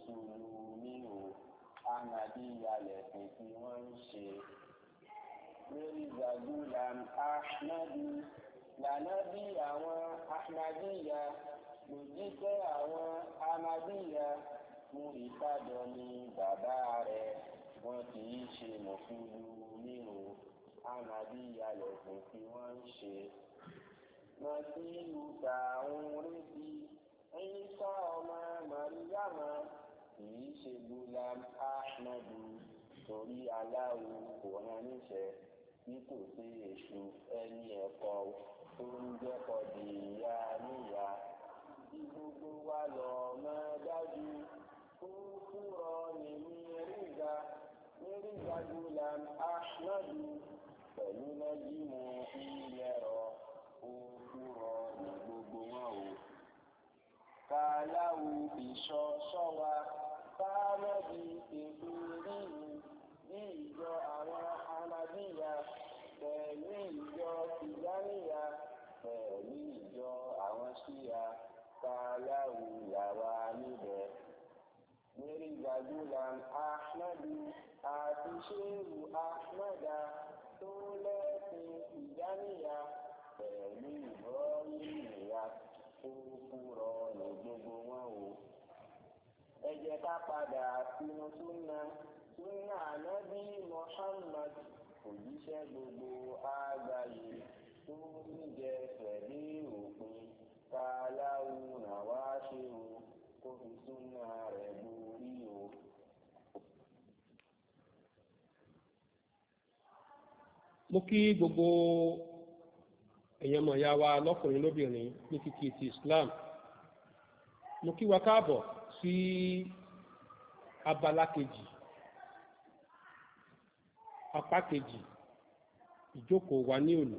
mùsùlùmí o ahmadiyya lẹ̀sìn tí wọ́n ń ṣe. lórí zagulam ahmadi lànàbí àwọn ahmadiyya lòjíṣẹ́ àwọn ahmadiyya fún ìtajọ ni bàbá rẹ̀ wọ́n kì í ṣe mùsùlùmí o ahmadiyya lẹ̀sìn tí wọ́n ń ṣe. wọ́n ti ń ta rí bí ẹ̀yìn sọ ọmọ màríyàmá kìí ṣe gulam ahmadu torí aláwo kò rán níṣẹ́ bí kò sí èṣù ẹni ẹ̀kọ́ tó ń jẹ́kọ̀ dì ìyá níyà bí gbogbo wa lọ máa dájú fún fúnrọ nìyí ríga ríga gulam ahmadu pẹ̀lú nájímù ilẹ̀ rọ fún fúnrọ fàlàwù ìṣọ ṣọwa fàlọ́bì èkúrí ní ìjọ àwọn alábíyà pẹ̀lú ìjọ tìjáníyà pẹ̀lú ìjọ àwọn ṣíyà fàlàwù làwà níbẹ̀. Mẹ́rìndà Gulam Ahmadu àti Ṣéhù Ahmada tó lẹ́sìn ìjáníyà. fúnra ní gbogbo wọn o. ẹ jẹ́ ká padà pinnu súnà súnà ànábì Muhammad òjíṣẹ́ gbogbo àgbáyé tó níjẹ pẹ̀lú òpin ká láwùn ṣe o kó fi súnà rẹ̀ borí o. mo kí gbogbo ẹ̀yẹn mọ̀ ya wa lọ́kùnrin lóbìnrin ní kìkì ti Islam mo kí wa káàbọ̀ sí abala kejì apá kejì ìjókòó wa ní òní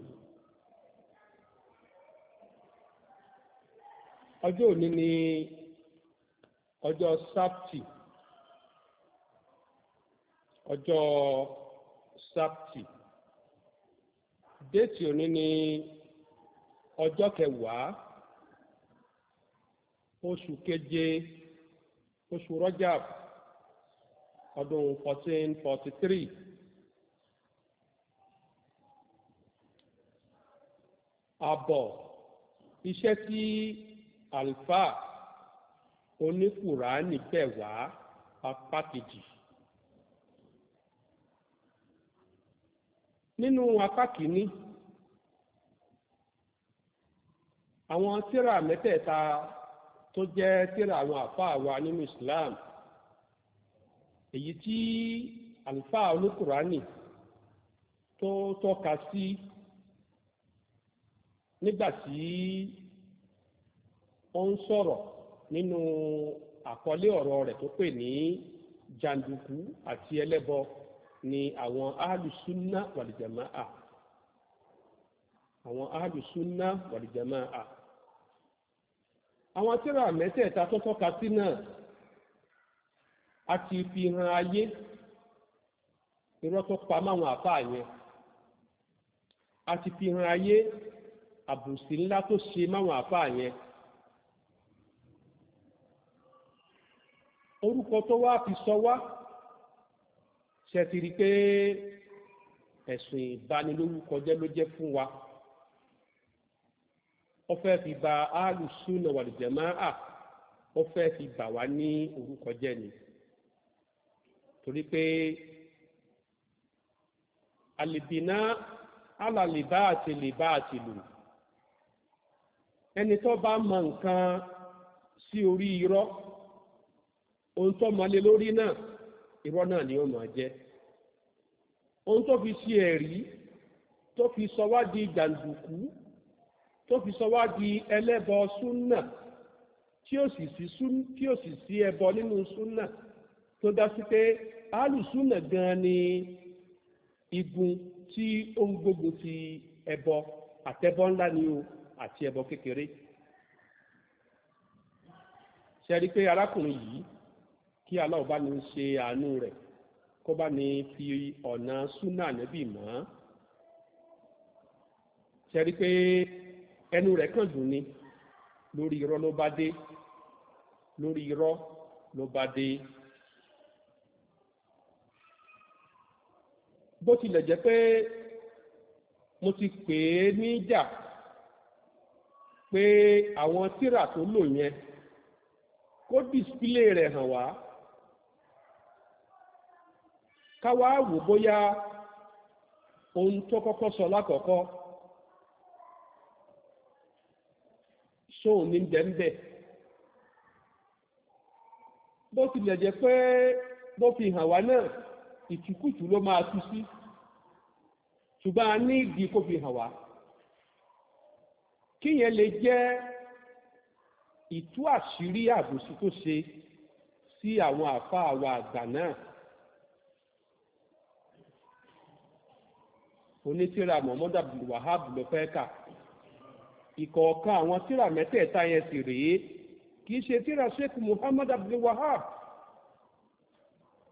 ọjọ́ òní ni ọjọ́ sábtì ọjọ́ sábtì déètì òní ni. Ọjọ́ ọjọ́ kẹwàá oṣù keje oṣù Rajab ọdún three àbọ̀ iṣẹ́ tí alfa oníkùránì bẹ̀ wá apá kejì nínú apá kìíní. àwọn tíra mẹ́tẹ̀ẹ̀ta tó jẹ́ tíra àwọn àfáà wa nínú Islam èyí tí àlùfáà olùkùránì tó tọ́ka sí nígbà tí ó ń sọ̀rọ̀ nínú àkọlé ọ̀rọ̀ rẹ̀ tó pè ní jàǹdùkú àti ẹlẹ́bọ ni àwọn ahlùsúnná wàlìjàmáà àwọn ahlùsúnná wàlìjàmáà àwọn tírà mẹ́tẹ̀ẹ̀ta tó tọ́ka sí náà a ti fi hàn ayé irọ́ tó pa máwọn àfáà yẹn a ti fi hàn ayé àbùsí ńlá tó ṣe máwọn àfáà yẹn orúkọ tó wá fi sọ wá ṣe ti rí pé ẹ̀sùn ìbanilórúkọjẹ́ ló jẹ́ fún wa ó fẹ́ fi bà alùsùnà wàlìjẹ̀máà ó fẹ́ fi bà wá ní orúkọ jẹ́ ni torí pé àlìbìnà alàlìbáàtì lìbáàtì lù ẹni tó bá mọ nǹkan sí orí irọ́ ohun tó mọlé lórí náà irọ́ náà ni ó máa jẹ́ ohun tó fi ṣe ẹ̀rí tó fi sọ wá di jàǹdùkú tó fi sọ wá di ẹlẹ́bọ súnà tí ó sì sí ẹbọ nínú súnà tó dá sí pé alùsúnà gan ni igun tí ó ń gbógun ti ẹbọ àtẹbọ ńlá ni o àti ẹbọ kékeré ṣe rí pé arákùnrin yìí kí aláwọ̀ bá ní ṣe àánú rẹ̀ kó bá ní fi ọ̀nà súnà níbì mọ́ ṣe pé ẹnu rẹ̀ kàn dùn ni lórí irọ́ ló bá dé lórí irọ́ ló bá dé. bó tilẹ̀ jẹ́ pé mo ti pè é níjà pé àwọn tírà tó lò yẹn kó display rẹ̀ hàn wá ká wá wò bóyá ohun tó kọ́kọ́ sọ lákọ̀ọ́kọ́. ṣóun ní bẹ́ńbẹ́ bó tilẹ̀ jẹ́ pé bó fi hàn wá náà ìtùkùtù ló máa tú sí ṣùgbọ́n a ní ìdí kó fi hàn wá kíyẹn lè jẹ́ ìtú àṣírí àbòsí tó ṣe sí àwọn àfáà wa àgbà náà onítìrà Muhammad Abdul Wahab ló fẹ́ kà. ìkọ̀ọ̀kan àwọn tíra mẹ́tẹ̀ẹ̀ta yẹn sì rèé kì ṣe tíra sheik muhammad abdul wahab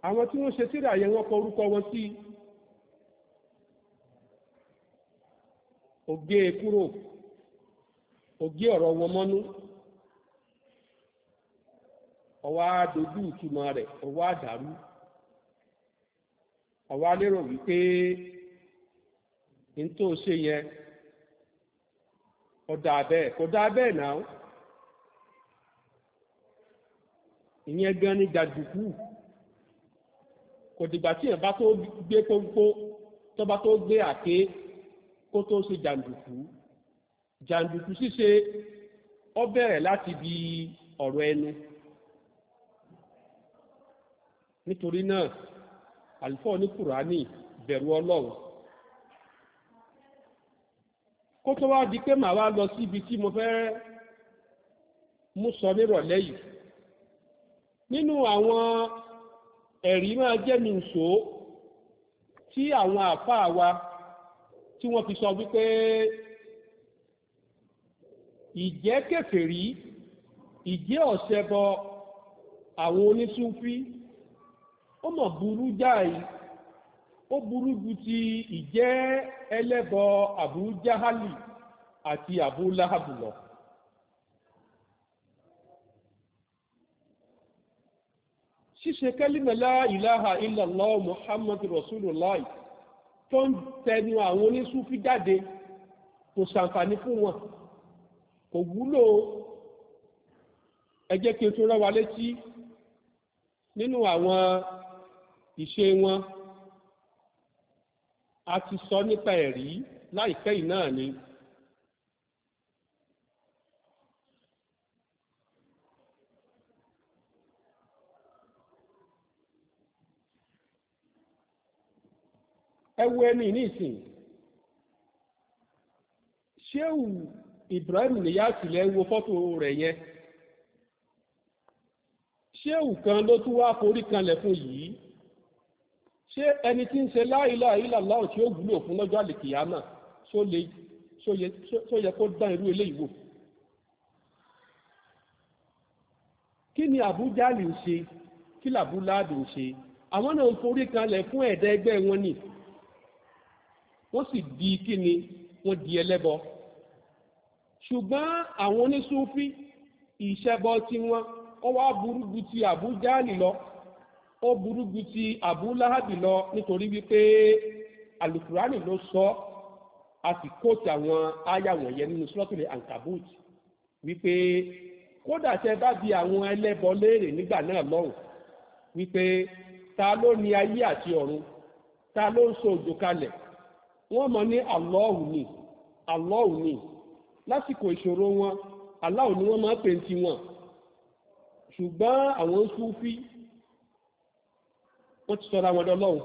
àwọn tí wọ́n ṣe tíra yẹn wọ́n kọ orúkọ wọn sí ó e kúrò ó ọ̀rọ̀ wọn mọ́nú ó wá ìtumọ̀ rẹ̀ ó dáa bẹ́ẹ̀ kò dáa bẹ́ẹ̀ náà ìyẹn gan ni jàǹdùkú kò dìgbà tí èèyàn bá tó gbé pópó tó bá tó gbé àké kó tó ṣe jàǹdùkú jàǹdùkú ṣíṣe ó bẹ̀rẹ̀ láti bi ọ̀rọ̀ ẹnu nítorí náà àlùfáà ní kùránì bẹ̀rù ọlọ́run kó tó wá di pé màá wá lọ síbi tí mo fẹ́ mú sọ nírọ̀lẹ́ yìí nínú àwọn ẹ̀rí máa jẹ́nu ìṣó tí àwọn àfáà wa tí wọ́n fi sọ wípé ìjẹ́ kèfèrí ìjẹ́ ọ̀sẹ̀bọ àwọn onísúfí ó mọ̀ burú jáì ó burú ju ti ìjẹ́ ẹlẹ́bọ Abu Jahali àti Abu Lahabu lọ. ṣíṣe kẹ́límẹ̀ la ilaha illallah muhammadu rasulullah tó ń tẹnu àwọn onísúfí jáde kò ṣàǹfààní fún wọn kò wúlò ẹ jẹ́ kí n tún rán wa létí nínú àwọn ìṣe wọn a ti sọ nípa ẹ̀rí láìpẹ́ yìí náà ni. ẹ wo ẹni nísìn ṣéwù Ibrahim níyà tìlẹ̀ wo fọ́tò rẹ̀ yẹn ṣéwù kan ló tún wá forí kanlẹ̀ fún yìí ṣé ẹni tí ń ṣe láìlà ìlàlá ò tí ó wúlò fún lọ́jọ́ àlèkìyámà ṣó yẹ kó dán irú eléyìí wò kí ni àbújáàlì ń ṣe kí làbúláàdì ń ṣe àwọn náà ń forí kanlẹ̀ fún ẹ̀dá ẹgbẹ́ wọn ni wọ́n sì di kí ni wọ́n di ẹlẹ́bọ ṣùgbọ́n àwọn oníṣúfí ìṣẹ́bọ tiwọn wọ́n wá burú ju ti àbújáàlì lọ ó burú ju ti àbúláhàbì lọ nítorí wípé alukurani ló sọ a sì kóòtù àwọn aya wọ̀nyẹn nínú sọ́tìlẹ̀ ankabut wípé kódà tẹ bá bi àwọn ẹlẹ́bọ léèrè nígbà náà lọ́hùn wípé ta ló ní ayé àti ọ̀run ta ló ń so òjò kalẹ̀ wọ́n mọ̀ ní àlọ́ọ̀hùn ni àlọ́ọ̀hùn ni lásìkò ìṣòro wọn aláwọ̀ ni wọ́n máa ń pè ní tiwọn ṣùgbọ́n àwọn súfí wọ́n ti sọ́ra wọn lọ́lọ́run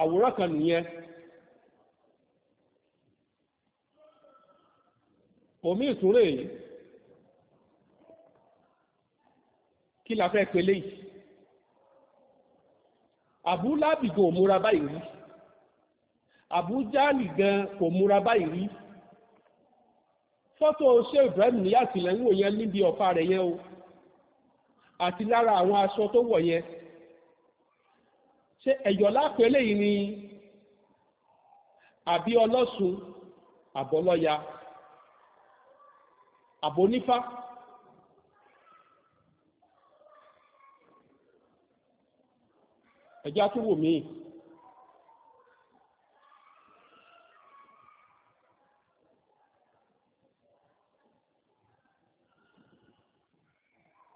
àwòrán kan nìyẹn omi ìtúrè yìí kí la fẹ́ pele yìí àbúláàbì kò múra báyìí rí àbújáàlì gan kò múra báyìí rí fọ́tò ṣé Ibrahim ní àtìlẹ́yìn òyìn níbi ọ̀fà rẹ̀ yẹn o àti lára àwọn aṣọ tó wọ̀ yẹn ṣé ẹ̀yọ̀ lápẹ́ lẹ́yìn ni àbí ọlọ́sùn àbọ́lọ́ya àbónífá ẹ̀já tó wò míì.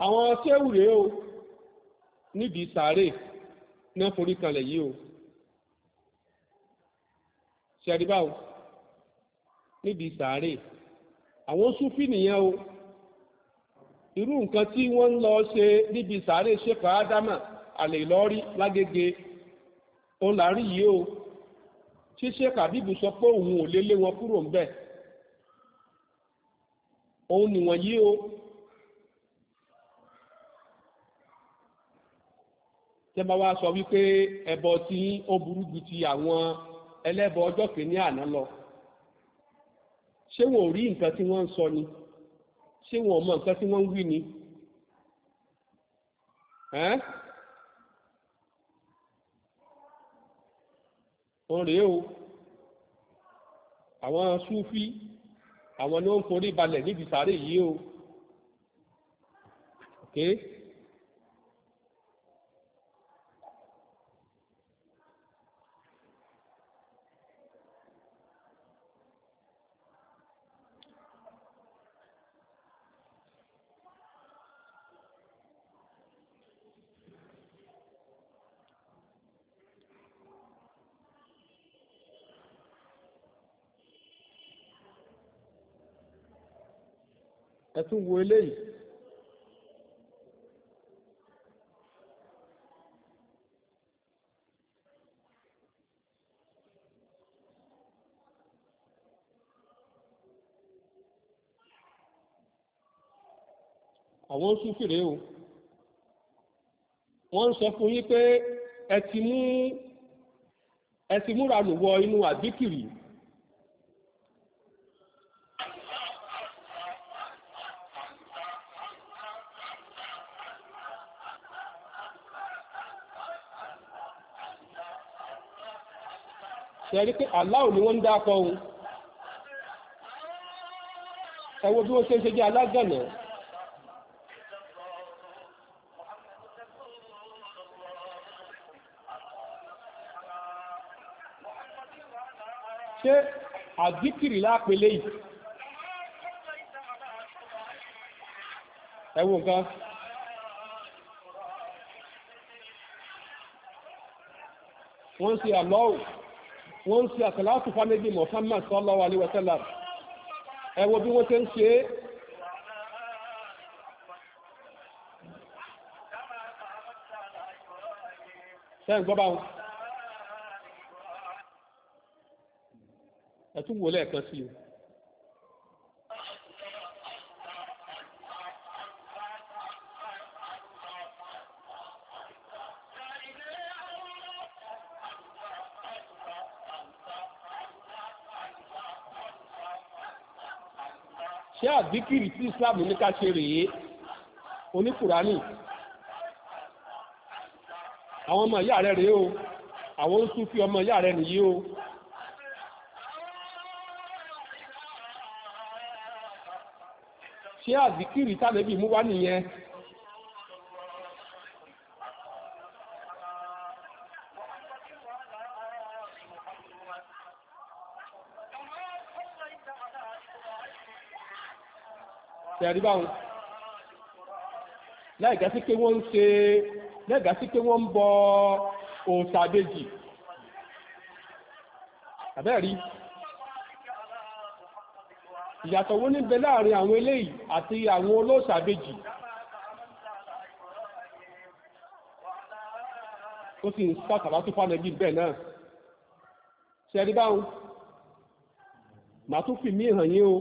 àwọn ṣéwù rèé o níbi sàárè náà forí kalẹ̀ yìí o ṣàdíbáwò níbi sàárè àwọn súfì nìyẹn o irú nǹkan tí wọ́n ń lọ ṣe níbi sàárè ṣèkọ̀ ádámà àlè lọ́rí lágége ó lárí yìí o tí ṣèkọ̀ àbíbù sọ pé òun ò lé lé wọn kúrò ń bẹ̀ òun nìwọ̀nyí o. tẹ́ bá wá sọ wípé ẹbọ tí ó burú ju ti àwọn ẹlẹ́bọ ọjọ́ kìíní àná lọ ṣé wọn ò rí nǹkan tí wọ́n ń sọ ni ṣé wọn ò mọ nǹkan tí wọ́n ń wí ni wọn rèé o àwọn súfí àwọn ni wọ́n ń forí balẹ̀ níbi sàárè yìí o. Okay? ẹ tún wo eléyìí àwọn oṣù o wọ́n ń sọ fún yín pé ẹ ti mú ẹ ti múra lò wọ inú àdíkìrì tẹ̀rí pé aláwò ni wọ́n ń dákọ̀ ohun ẹ wo bí wọ́n ṣe ń ṣe jẹ́ alágànà ṣé àdíkìrì lápele yìí ẹ wo nǹkan wọ́n ń ṣe àlọ́wò wọ́n ń ṣe àsàlátù fánẹ́bí Muhammad sallallahu alaihi wa sallam ẹ wo bí wọ́n ṣe ń ṣe é sẹ́yìn gbọ́ báwọn ẹ tún wò sí i. zikiri tí islam ní ká ṣe rèé oníkùránì àwọn ọmọ ìyá rẹ̀ rèé o àwọn ń súnfí ọmọ ìyá rẹ̀ nìyí o ṣé àzikiri tàbí mú wá nìyẹn tẹ̀ríbá wọn lẹ́ẹ̀gá sí pé wọ́n ń ṣe lẹ́ẹ̀gá sí pé wọ́n ń bọ òòṣà bèjì àbẹ́ẹ̀rí ìyàtọ̀ wọ́n ní bẹ láàrin àwọn eléyìí àti àwọn olóòṣà bèjì ó sì ń sàkàlá tó fánẹ́bí bẹ́ẹ̀ náà ṣẹ̀ríbá wọn màá tún fi mí hàn o.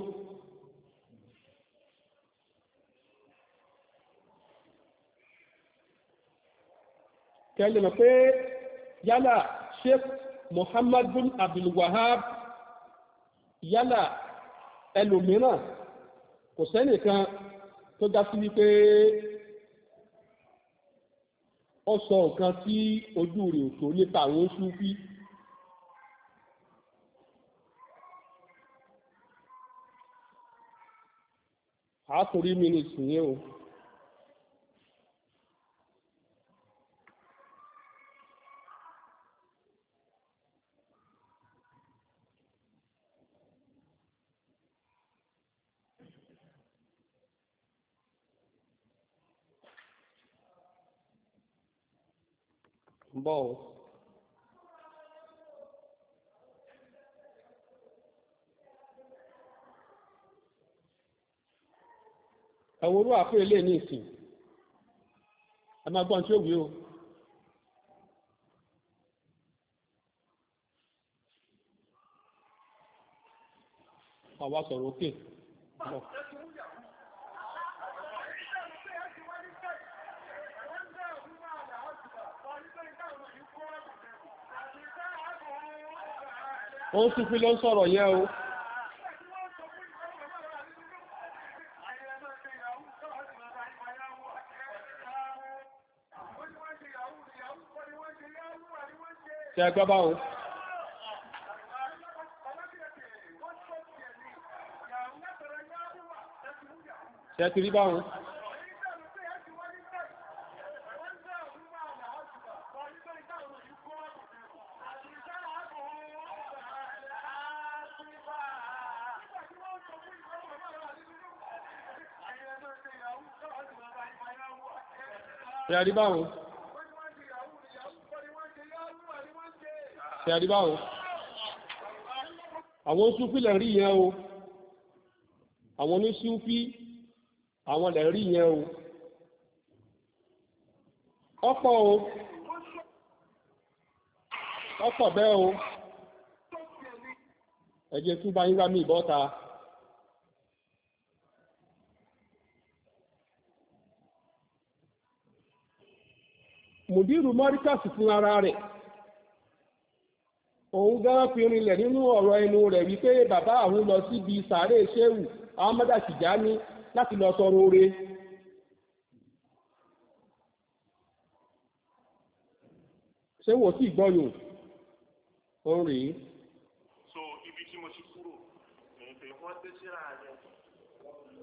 kẹlẹ̀ m'a pé yálà sheikh muhammad bin abdul wahab yálà ẹlòmíràn kò sẹ́nìkan tó dá sí wípé ó sọ nǹkan tí ojú rẹ̀ ò tó nípa àwọn Súfí. àá torí mi ní yẹn o. ń bọ̀ o. ẹ̀wọ̀n orú àfún ilé ní ìsìn ẹ máa gbọ́n tí ó wí o. àwa sọ̀rọ̀ òkè. ó ń súnfí ló sọ̀rọ̀ yẹn o ṣẹgbọ́bá o ṣẹ́tìrí báwọn Tẹ̀rí báwo? Tẹ̀rí báwo? Àwọn Súfí lẹ̀ rí yẹn o. Àwọn ní Súfí, àwọn lẹ̀ rí yẹn o. Ọ̀pọ̀ o. Ọ̀pọ̀ bẹ́ẹ̀ o. Ẹ jẹ́ tún bá yín mi ìbọ́ta. mùdírù mọ́ríkàsì fún ara rẹ̀ òun gán fi rinlẹ̀ nínú ọ̀rọ̀ ẹnu rẹ̀ wípé bàbá àwọn lọ síbi sàárè ṣéwù láti lọ sọ̀rọ̀ oore ṣé wò sí ìgbọ́yò ó ń so ibi tí mo ti kúrò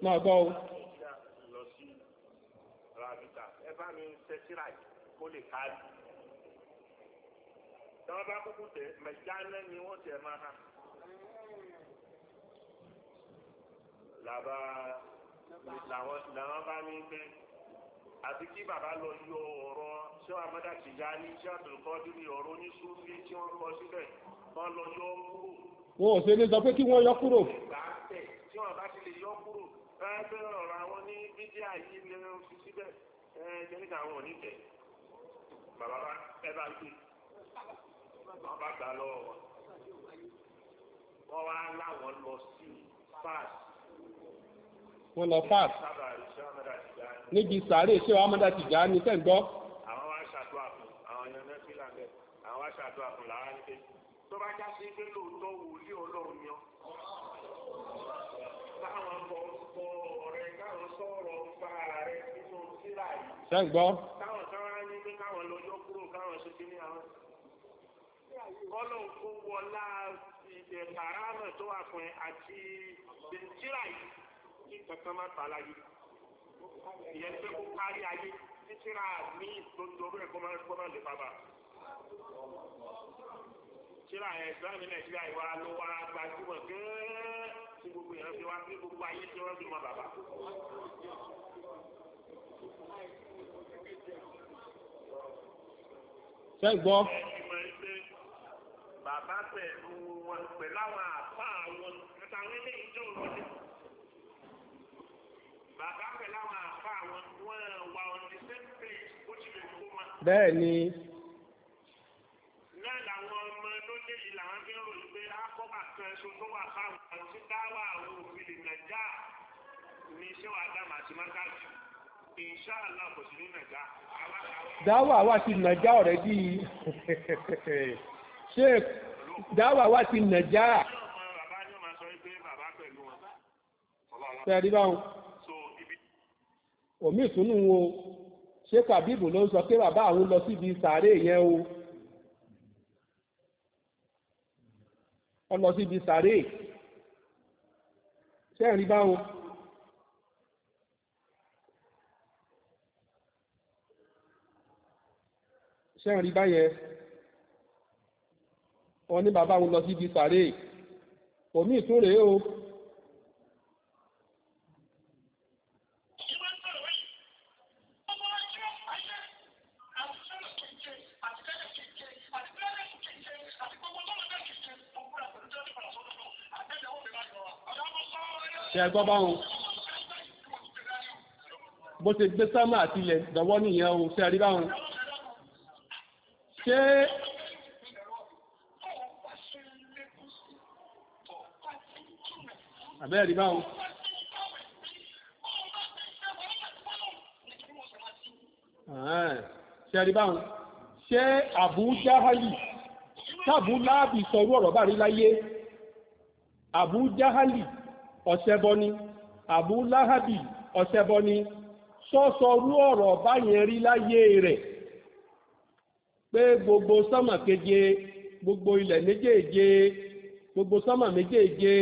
wọ́n kó lè kárí. Tọ́wọ́ bá kúkú tẹ̀ mẹ̀jánná ni wọ́n tẹ̀ máa hàn. Làbá làwọn bá ní pé àti kí bàbá lọ yọ ọ̀rọ̀ ṣé Amada Tijani ṣé àtúnkọ́dú ni ọ̀rọ̀ oníṣúfì tí wọ́n kọ síbẹ̀ wọ́n lọ yọ kúrò. Wọ́n ò ṣe ní sọ pé kí wọ́n yọ kúrò. Tí wọ́n bá ti lè yọ kúrò, bá ọ̀rọ̀ àwọn ní bídíà yìí ni wọ́n fi síbẹ̀ ẹ̀ẹ́dẹ́gbẹ̀ta àwọn ò bàbá bá ẹ bá gbé wọn bá gbà lọ wọn wá láwọn lọ sí fas. wọ́n lọ fas níbi sàárè ṣé wàá mọ́dá ti jà á ní sẹ́ńgbọ́. àwọn wá ṣàdúrà fún àwọn èèyàn náà sí làǹdẹ̀ àwọn wá ṣàdúrà fún làwọn ní pé tó bá já sí pé lóòótọ́ wòlíì ọlọ́run yan táwọn bọ̀ ọ̀rẹ́ káwọn sọ̀rọ̀ fún ara rẹ̀ nínú sílá yìí. kọ́lọ̀ kó wọlá ìdẹ̀ kàrámà tó wà fún ẹ àti bẹ̀ntíra yìí kí kankan má tà láyé ìyẹn pé kó kárí ayé títíra ní ìtòjòrò ẹ̀kọ́ máa ń gbọ́dọ̀ lè bàbà. tíra ẹ̀gbọ́n mi nàìjíríà ìwà ló wá gbajúmọ̀ gẹ́ẹ́ tí gbogbo ìyẹn fi wá sí gbogbo ayé tí wọ́n fi mọ bàbà ṣe gbọ́ bàbá pẹ̀lú wọn pẹ̀lú àwọn àpá àwọn àtàwọn ilé ìjọ ìrọ̀lẹ́. bàbá pẹ̀lú àwọn àpá àwọn wọn wà on the same page ó ti lè kó ma. bẹ́ẹ̀ ni. náà làwọn ọmọ lóde yìí làwọn fi ń ròyìn pé akọ́bà kan ṣo tó wà fáwọn àti dáwà àwọn òfìlì nàìjà ní iṣẹ́ wa dáàmà àti mákàtí. Insha Allah kò sí ní Nàìjíríà. Dáwà wá sí Nàìjíríà ọ̀rẹ́dì sheik dáwà wá ti nàjà. Tẹ̀rí báwọn. Omi ìtúnú wo sheik Habibu ló ń sọ pé bàbá àwọn lọ síbi sàárè yẹn o. Ó lọ síbi sàárè. Tẹ̀rí báwọn. Ṣé ń báyẹn? wọ́n ní bàbá wọn lọ sí ibi sàárè òmí ìtún rèé o ṣe ẹgbọ́ bá wọn bó ṣe gbé sámà àti ilẹ̀ dọ̀wọ́ nìyẹn o ṣe àríbá wọn ṣé àbẹ́ẹ̀rí báwọn ṣe ẹ̀rí báwọn ṣe àbú jáhálì tàbú láàbì sọrú ọ̀rọ̀ bá rí láyé àbú jáhálì ọ̀ṣẹbọ ni àbú láhàbì ọ̀ṣẹbọ ni sọ́sọrú ọ̀rọ̀ báyẹn rí láyé rẹ̀ pé gbogbo sọ́mọ̀ keje gbogbo ilẹ̀ méjèèje gbogbo sọ́mọ̀ méjèèje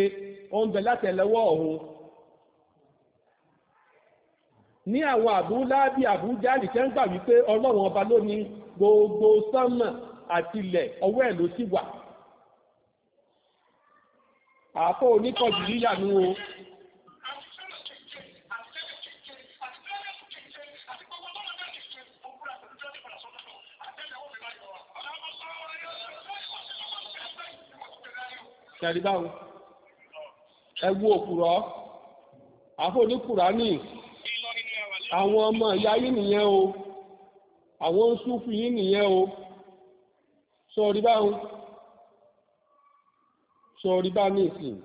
ó ń bẹ látẹ̀lẹ́wọ́ òun ní àwọn àbúláàbí àbújáàlì tẹ́ ń gbà wípé ọlọ́run ọba ló ní gbogbo sánmà àti ilẹ̀ ọwọ́ ẹ̀ ló sì wà àpò oníkọ̀jù yíyànú o Tẹ̀rí báwo? ẹ wo òkùrọ̀ àfọ̀nìkùránì àwọn ọmọ ìyá yín nìyẹn o àwọn ń sún fún yín nìyẹn o sọ̀rí báwọn sọ̀rí bá ní ìsìn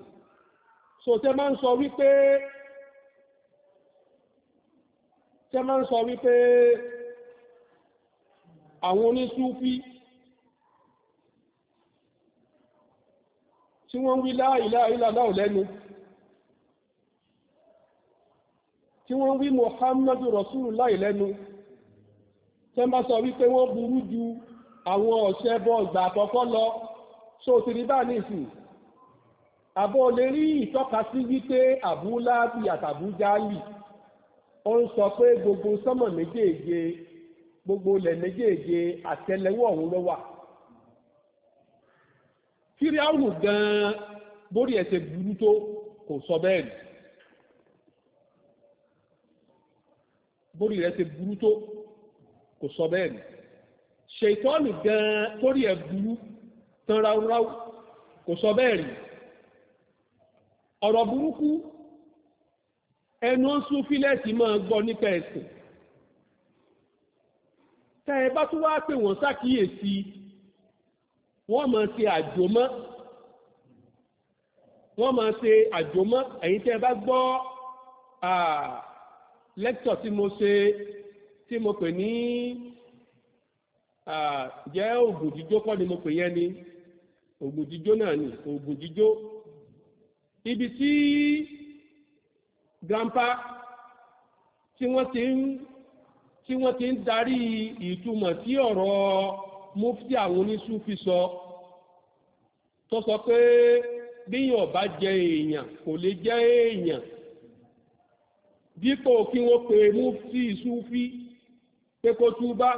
sọ̀tẹ́ máa ń sọ wípé tẹ́ máa ń sọ wípé àwọn onísúfí tí wọ́n wí láàrín láàrín lẹ́nu tí wọ́n wí muhammadu rasulullah lẹ́nu tẹ́ ń bá sọ wípé wọ́n burú ju àwọn ọ̀sẹ̀ bọ ìgbà àkọ́kọ́ lọ so ti rí bá nìsín àbọ̀ lè rí ìtọ́ka sí wípé àbúláàbí àtàbújáàlì ó ń sọ pé gbogbo sọ́mọ̀ méjèèje gbogbo ilẹ̀ méjèèje àtẹ́lẹwọ́ ọ̀hún ló wà kíríáwù gan-an bórí ẹ̀sẹ̀ burú tó kò sọ bẹ́ẹ̀ rí bórí rẹ̀ ṣe burú tó kò sọ bẹ́ẹ̀ ni ṣètọ́nù gan-an kórì ẹ̀ burú tán ráúráú kò sọ bẹ́ẹ̀ rí ọ̀rọ̀ burúkú ẹnu ń sún fílẹ̀tì máa gbọ́ nípa ẹ̀sìn tẹ́ ẹ bá tún wáá pè wọ́n ṣàkíyèsí wọ́n máa ṣe àjòmọ́ wọ́n máa ṣe àjòmọ́ ẹ̀yin tẹ́ ẹ bá gbọ́ lẹ́kítọ̀ tí mo ṣe tí mo pè ní jẹ́ ògùn jíjó kọ́ ni mo pè yẹn ni ògùn jíjó náà ni ògùn jíjó ibi tí grandpa tí wọ́n ti ń tí wọ́n ti ń darí ìtumọ̀ sí ọ̀rọ̀ mufti àwọn oníṣú fi sọ tó sọ pé bíyàn bá jẹ èèyàn kò lè jẹ èèyàn dípò kí wọ́n pe mufti sufi pé kó túbá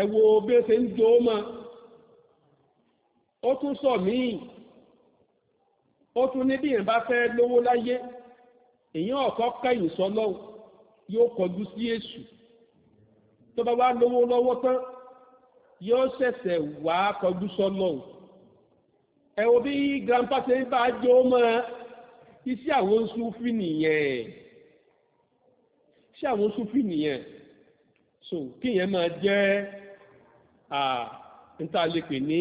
ẹ̀wò bẹ́ẹ̀ ṣe ń jó mọ́ ó tún sọ míì ó tún ní bí yẹn bá fẹ́ lówó láyé èyàn ọ̀kọ́ kẹ́yìn sọlọ́hùn yóò kọjú sí èṣù tó bá wá lówó lọ́wọ́ tán yóò ṣẹ̀ṣẹ̀ wá kọjú sọlọ́hùn ẹ̀wò bí grandpa ṣe ń bá jó mọ́ ẹ iṣẹ́ àwọn súnfì nìyẹn iṣẹ́ àwọn súnfì nìyẹn so kíyẹn máa jẹ́ ntàlẹ́pẹ̀ ní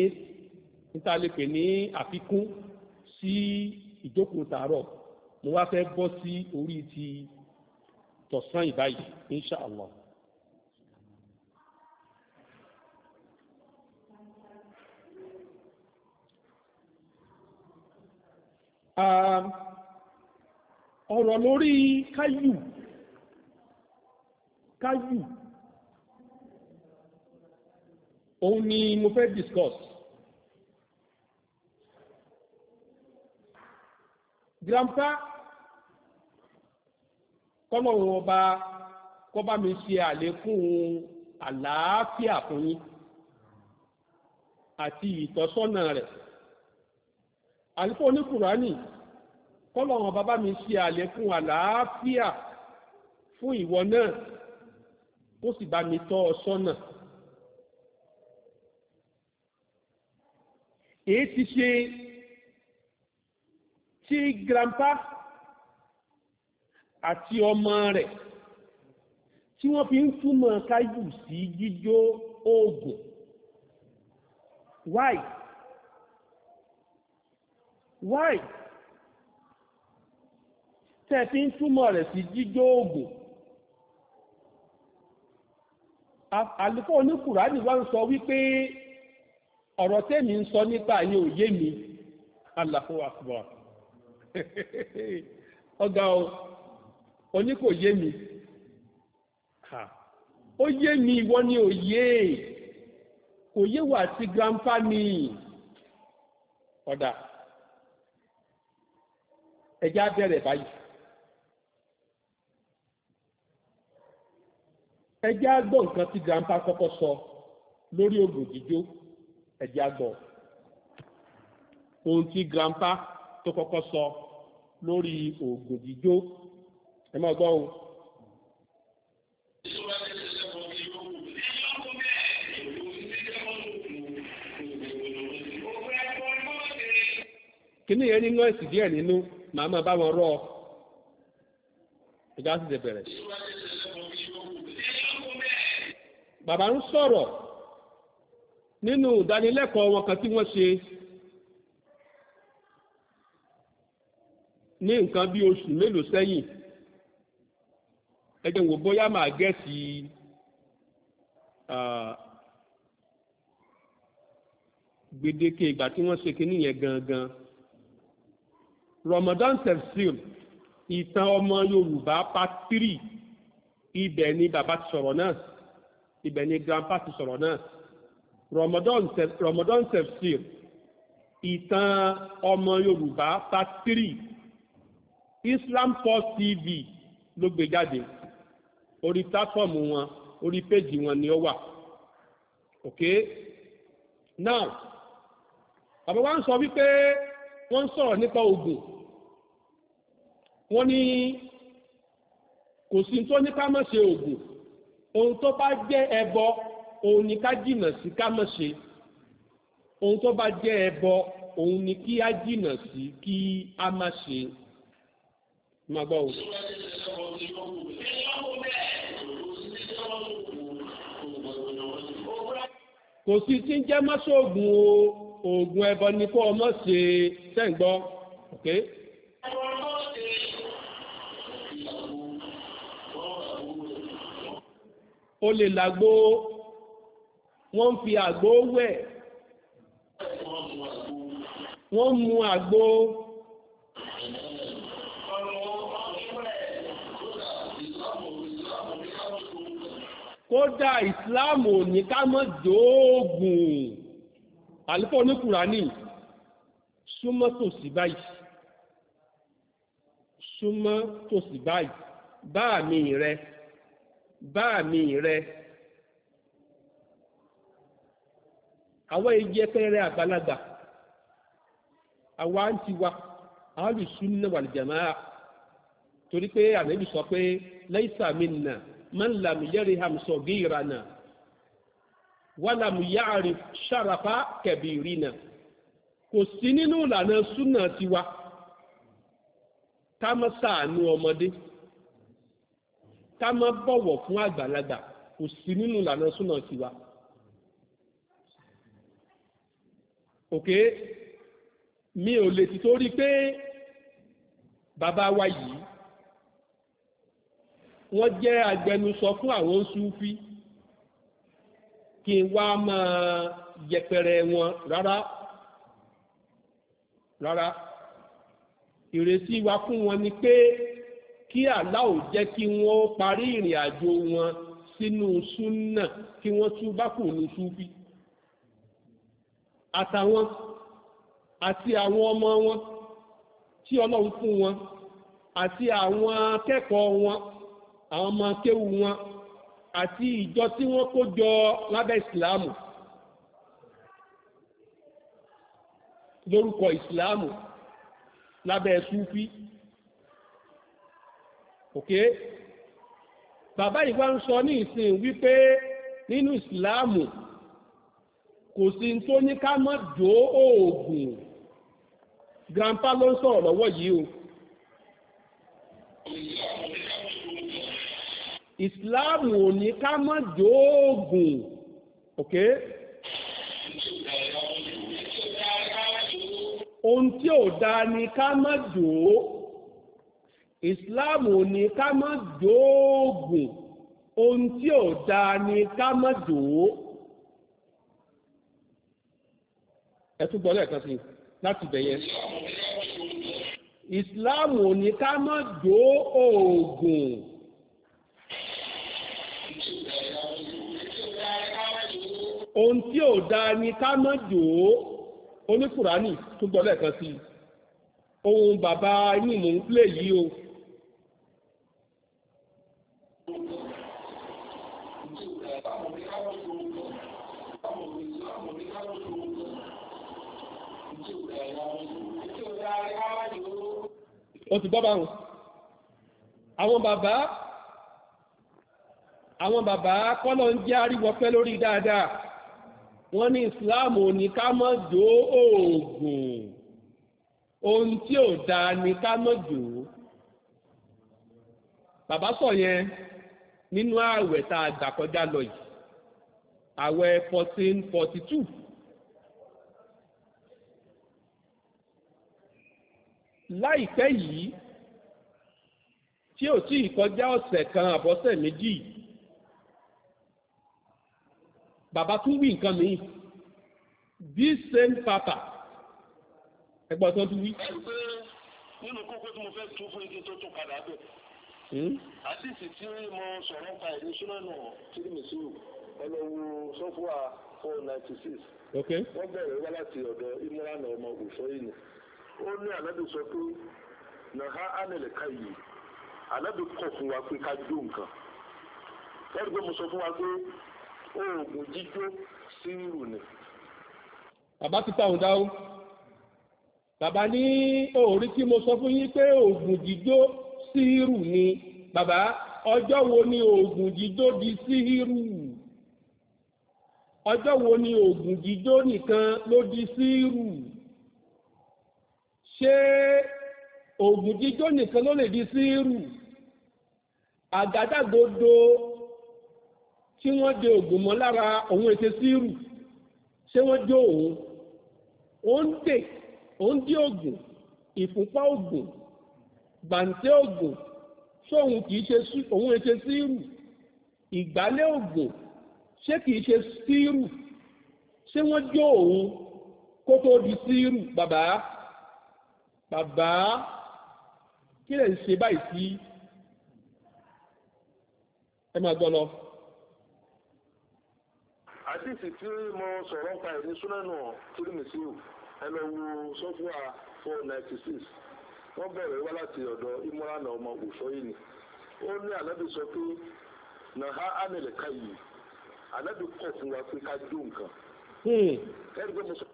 ntàlẹ́pẹ̀ ní àfikún sí ìjókòó tààrọ̀ mo wá fẹ́ bọ́ sí orí ti tọ̀sán ìbáyìí inṣàlá. Um, ọ̀rọ̀ lórí káyù káyù òun ni mo fẹ́ discuss grandpa kọ́lọ̀run ọba kó bá mi ṣe àlékún àlàáfíà fún yín àti ìtọ́sọ́nà rẹ̀ àlùfáà oníkùránì kọ́lọ́wọ́n bàbá mi ṣe àlékún àlàáfíà fún ìwọ náà kó sì bá mi tọ́ ọ sọ́nà. èyí ti ṣe tí grandpa àti ọmọ rẹ̀ tí wọ́n fi ń túmọ̀ káyù sí jíjó oògùn why why tẹ́ fi ń túmọ̀ rẹ̀ sí jíjó ògùn àlùfọ́ oníkùránì wá ń sọ wípé ọ̀rọ̀ tẹ́mi ń sọ nípa yẹn ò mi Allahu Akbar ọ̀gá o oní kò yé mi ó yé mi ìwọ ni ò yé kò yé wà sí grandpa mi ẹ jẹ́ á gbọ́ grandpa kọ́kọ́ sọ lórí ògùn jíjó ẹ jẹ́ ohun tí grandpa tó kọ́kọ́ sọ lórí ògùn jíjó ẹ máa gbọ́ ohun. kíní yẹn ní nọ́ọ̀sì díẹ̀ nínú màá máa bá wọn rọ ọ ìdásí ti bẹ̀rẹ̀ bàbá ń sọ̀rọ̀ nínú ìdánilẹ́kọ̀ọ́ wọn kan tí wọ́n ṣe ní nǹkan bí oṣù mélòó sẹ́yìn ẹ jẹ́ wò bóyá màá gẹ̀ẹ́sì gbèdéke ìgbà tí wọ́n ṣe kinní yẹn gangan Ramadan tefsir ìtàn ọmọ Yorùbá part three ibẹ̀ ni bàbá ti sọ̀rọ̀ náà ibẹ̀ ni grandpa ti sọ̀rọ̀ náà Ramadan Ramadan tefsir ìtàn ọmọ Yorùbá part three Islam Post TV ló gbé jáde orí pátọ́ọ̀mù wọn orí péjì wọn ni ó wà ok now bàbá wa ń sọ wípé wọ́n ń sọ̀rọ̀ nípa oògùn wọ́n ní kò sí tó ní ká má ṣe oògùn ohun tó bá jẹ́ ẹbọ òun ni ká jìnà sí ká má ṣe ohun tó bá jẹ́ ẹbọ òun ni kí á jìnà sí kí á má ṣe má gbọ́ o. kò sí tí ń jẹ́ mọ́ṣọ́ọ̀gùn o oògùn ẹbọ ni kó o ṣe sẹ́ǹgbọ́. Okay? ó lè làgbó wọ́n ń fi àgbó wẹ̀ wọ́n mu àgbó kódà ìsìláàmù ò ní ká mọ́ dóògùn àlùfọ́ oníkùránì súnmọ́ tòsí báyìí súnmọ́ tòsí báyìí báàmì rẹ̀ báàmì rẹ àwọn igi ẹpẹrẹ àgbàlagbà àwa ń tiwa alùsùnà wàlìjàmáà torí pé àmẹ́bí sọ pé laisa minna man lam yarham sagirana wàlàmù yáàrí kebiri na. kò sí nínú ìlànà súnà tiwa ká mọ́ ṣàánú ọmọdé ká má bọ̀wọ̀ fún àgbàlagbà kò sí nínú ìlànà súnà tiwa. òkè mi ò lè ti torí pé bàbá wa yìí wọ́n jẹ́ agbẹnusọ fún àwọn Súfí kí n wá máa yẹpẹrẹ wọn rárá rárá ìrètí wa fún wọn ni pé kí Allah ó jẹ́ kí wọ́n parí ìrìn àjò wọn sínú súnà kí wọ́n tún bá kù ní súbí àtàwọn àti àwọn ọmọ wọn tí ọlọ́run fún wọn àti àwọn akẹ́kọ̀ọ́ wọn àwọn ọmọ akéwù wọn àti ìjọ tí wọ́n kó jọ lábẹ́ ìsìláàmù lórúkọ ìsìláàmù lábẹ́ súfí ok bàbá ìwà ń sọ ní ìsìn wípé nínú ìsìláàmù kò sí tó ní ká mọ́ jó oògùn grandpa ló ń sọ̀rọ̀ lọ́wọ́ yìí o ìsìláàmù ò ní ká mọ́ jó oògùn ok ohun tí ò dáa ni ká mọ́ jó oògùn islam ni ní ká má dóògùn ohun tí ò dáa ni ká má dòó ẹ tún gbọ́ lẹ́ẹ̀kan sí láti bẹ̀yẹ islam ò ká má dòó oògùn. ohun tí ò dáa ni ká má dòó oníkùránì tún gbọ́ lẹ́ẹ̀kan sí ohun bàbá inú mò ń plé yìí o. ó ti bọ́bá wọn àwọn bàbá àwọn bàbá kọ́lọ̀ ń jẹ́ àríwọ̀pẹ́ lórí dáadáa wọ́n ní ìsìláàmù ní ká mọ́ jò oògùn ohun tí ò dáa ní ká mọ́ bàbá sọ yẹn nínú ààwẹ̀ tá a gbà kọjá lọ yìí ààwẹ̀ fourteen forty two láìpẹ́ yìí tí ò tí ì kọjá ọ̀sẹ̀ kan àbọ̀sẹ̀ méjì bàbá tún wí nǹkan mi this same papa ẹgbọ́n tó tún wí. ẹ pé nínú kókó tí mo fẹ́ tún fún igi tó tún padà bẹ̀. Hmm? àdìsí tí mo sọ̀rọ̀ pa ìlú súnmọ́nù tìrìmìsì ọlọ́wọ́ sọ́fúà four ninety six. wọ́n bẹ̀rẹ̀ wá láti ọ̀dọ̀ imran ọmọ òfò yìí ni. ó ní ànábì sọ pé na ha ká yìí ànábì kọ̀ fún wa pé ká jó nǹkan ẹ̀rí pé mo sọ fún wa pé oògùn jíjó sí ìrù ni. bàbá ti táwọn bàbá ní òórí tí mo sọ fún yín pé oògùn jíjó sí ìrù ni bàbá ọjọ́ wo ni oògùn jíjó di sí ìrù ọjọ́ wo ni oògùn jíjó nìkan ló di sí ìrù. ṣé ògùn jíjó nìkan ló lè di síírù àgádágodo tí wọ́n di ògùn mọ́ lára òun ètè síírù ṣé wọ́n jó òun òun dè òun dé ògùn ìfúnpá ògùn ògùn ṣe òun ètè ìgbálẹ̀ ògùn ṣé ṣe bàbá. bàbá kí lè ṣe báyìí sí ẹ máa gbọ́ lọ. àdìsí tí mo sọ̀rọ̀ pa ẹ̀ ní súnánù tìrìmìsíù ẹ lọ wo sọ́fúà four ninety six wọ́n bẹ̀rẹ̀ wá láti ọ̀dọ̀ ìmúlànà ọmọ òṣòyìn ni ó ní ànábì sọ pé nàá ánìlẹ̀ ká yìí ànábì kọ̀ fún wa pé ká jó nǹkan. Hmm. ẹ̀rí pé mo sọ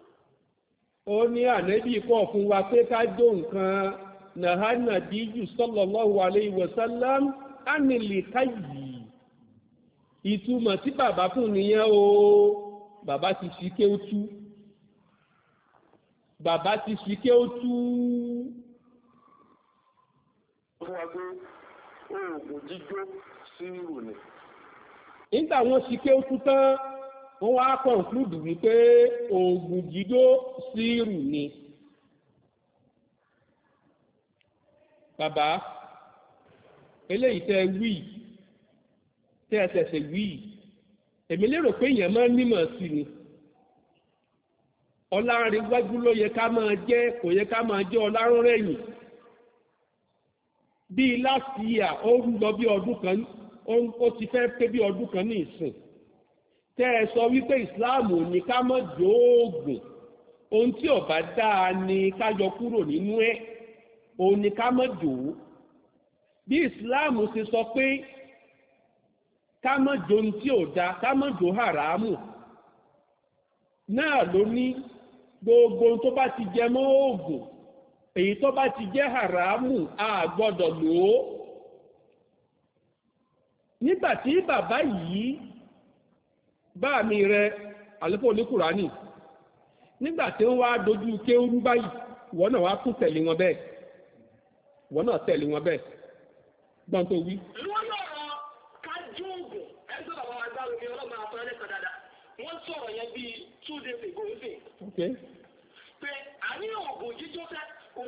ó ní ànábì kọ̀ fún wa pé ká jó nǹkan nàhánà díjù sallallahu alayhi wa sallam ánìlì káyì ìtumọ̀ tí bàbá fún nìyẹn o bàbá ti fi kéwú tú bàbá ti fi kéwú tú. ó wá pé oògùn jíjó sí ìrù nígbà wọn fi kéwú tú tán wọ́n wá kọ̀ǹklúdù wípé oògùn jídó síìrù ni. bàbá eléyìí tẹ wí tẹ ẹsẹsẹ wí èmi lérò pé èèyàn máa ń nímọ̀ sí ni ọlárìnwájú ló yẹ ká máa jẹ́ kò yẹ ká máa jẹ́ ọlárúnrẹ̀yìn bíi last year ó ń lọ bí ọdún kan ó ti fẹ́ pé bí ọdún kan ní ìsìn tẹ́ wípé ìsìláàmù ní ká mọ́ dòógùn ohun tí ò bá dáa ni ká yọ kúrò nínú ẹ̀ òun ni ká mọ́ dòó bí ìsìláàmù ti sọ pé ká mọ́ jo ohun tí ò dáa ká mọ́ dòó hàràámù náà ló ní gbogbo ohun tó bá ti jẹ mọ́ oògùn èyí tó bá ti jẹ́ haramu a gbọ́dọ̀ lò ó nígbà tí bàbá yìí báàmì rẹ àlùfò oníkùránì nígbà tí wọ́n wá dojú kéwú báyìí wọ́n náà wá wọn bẹ́ẹ̀ wọ́n náà wọn bẹ́ẹ̀ gbọ́n tó wí. wọ́n lọ́rọ̀ kájú oògùn ẹgbẹ́ bàbá wa gbárùn mi ọlọ́mọ wọ́n sọ̀rọ̀ yẹn bíi two days pé àní jíjó fẹ́ kò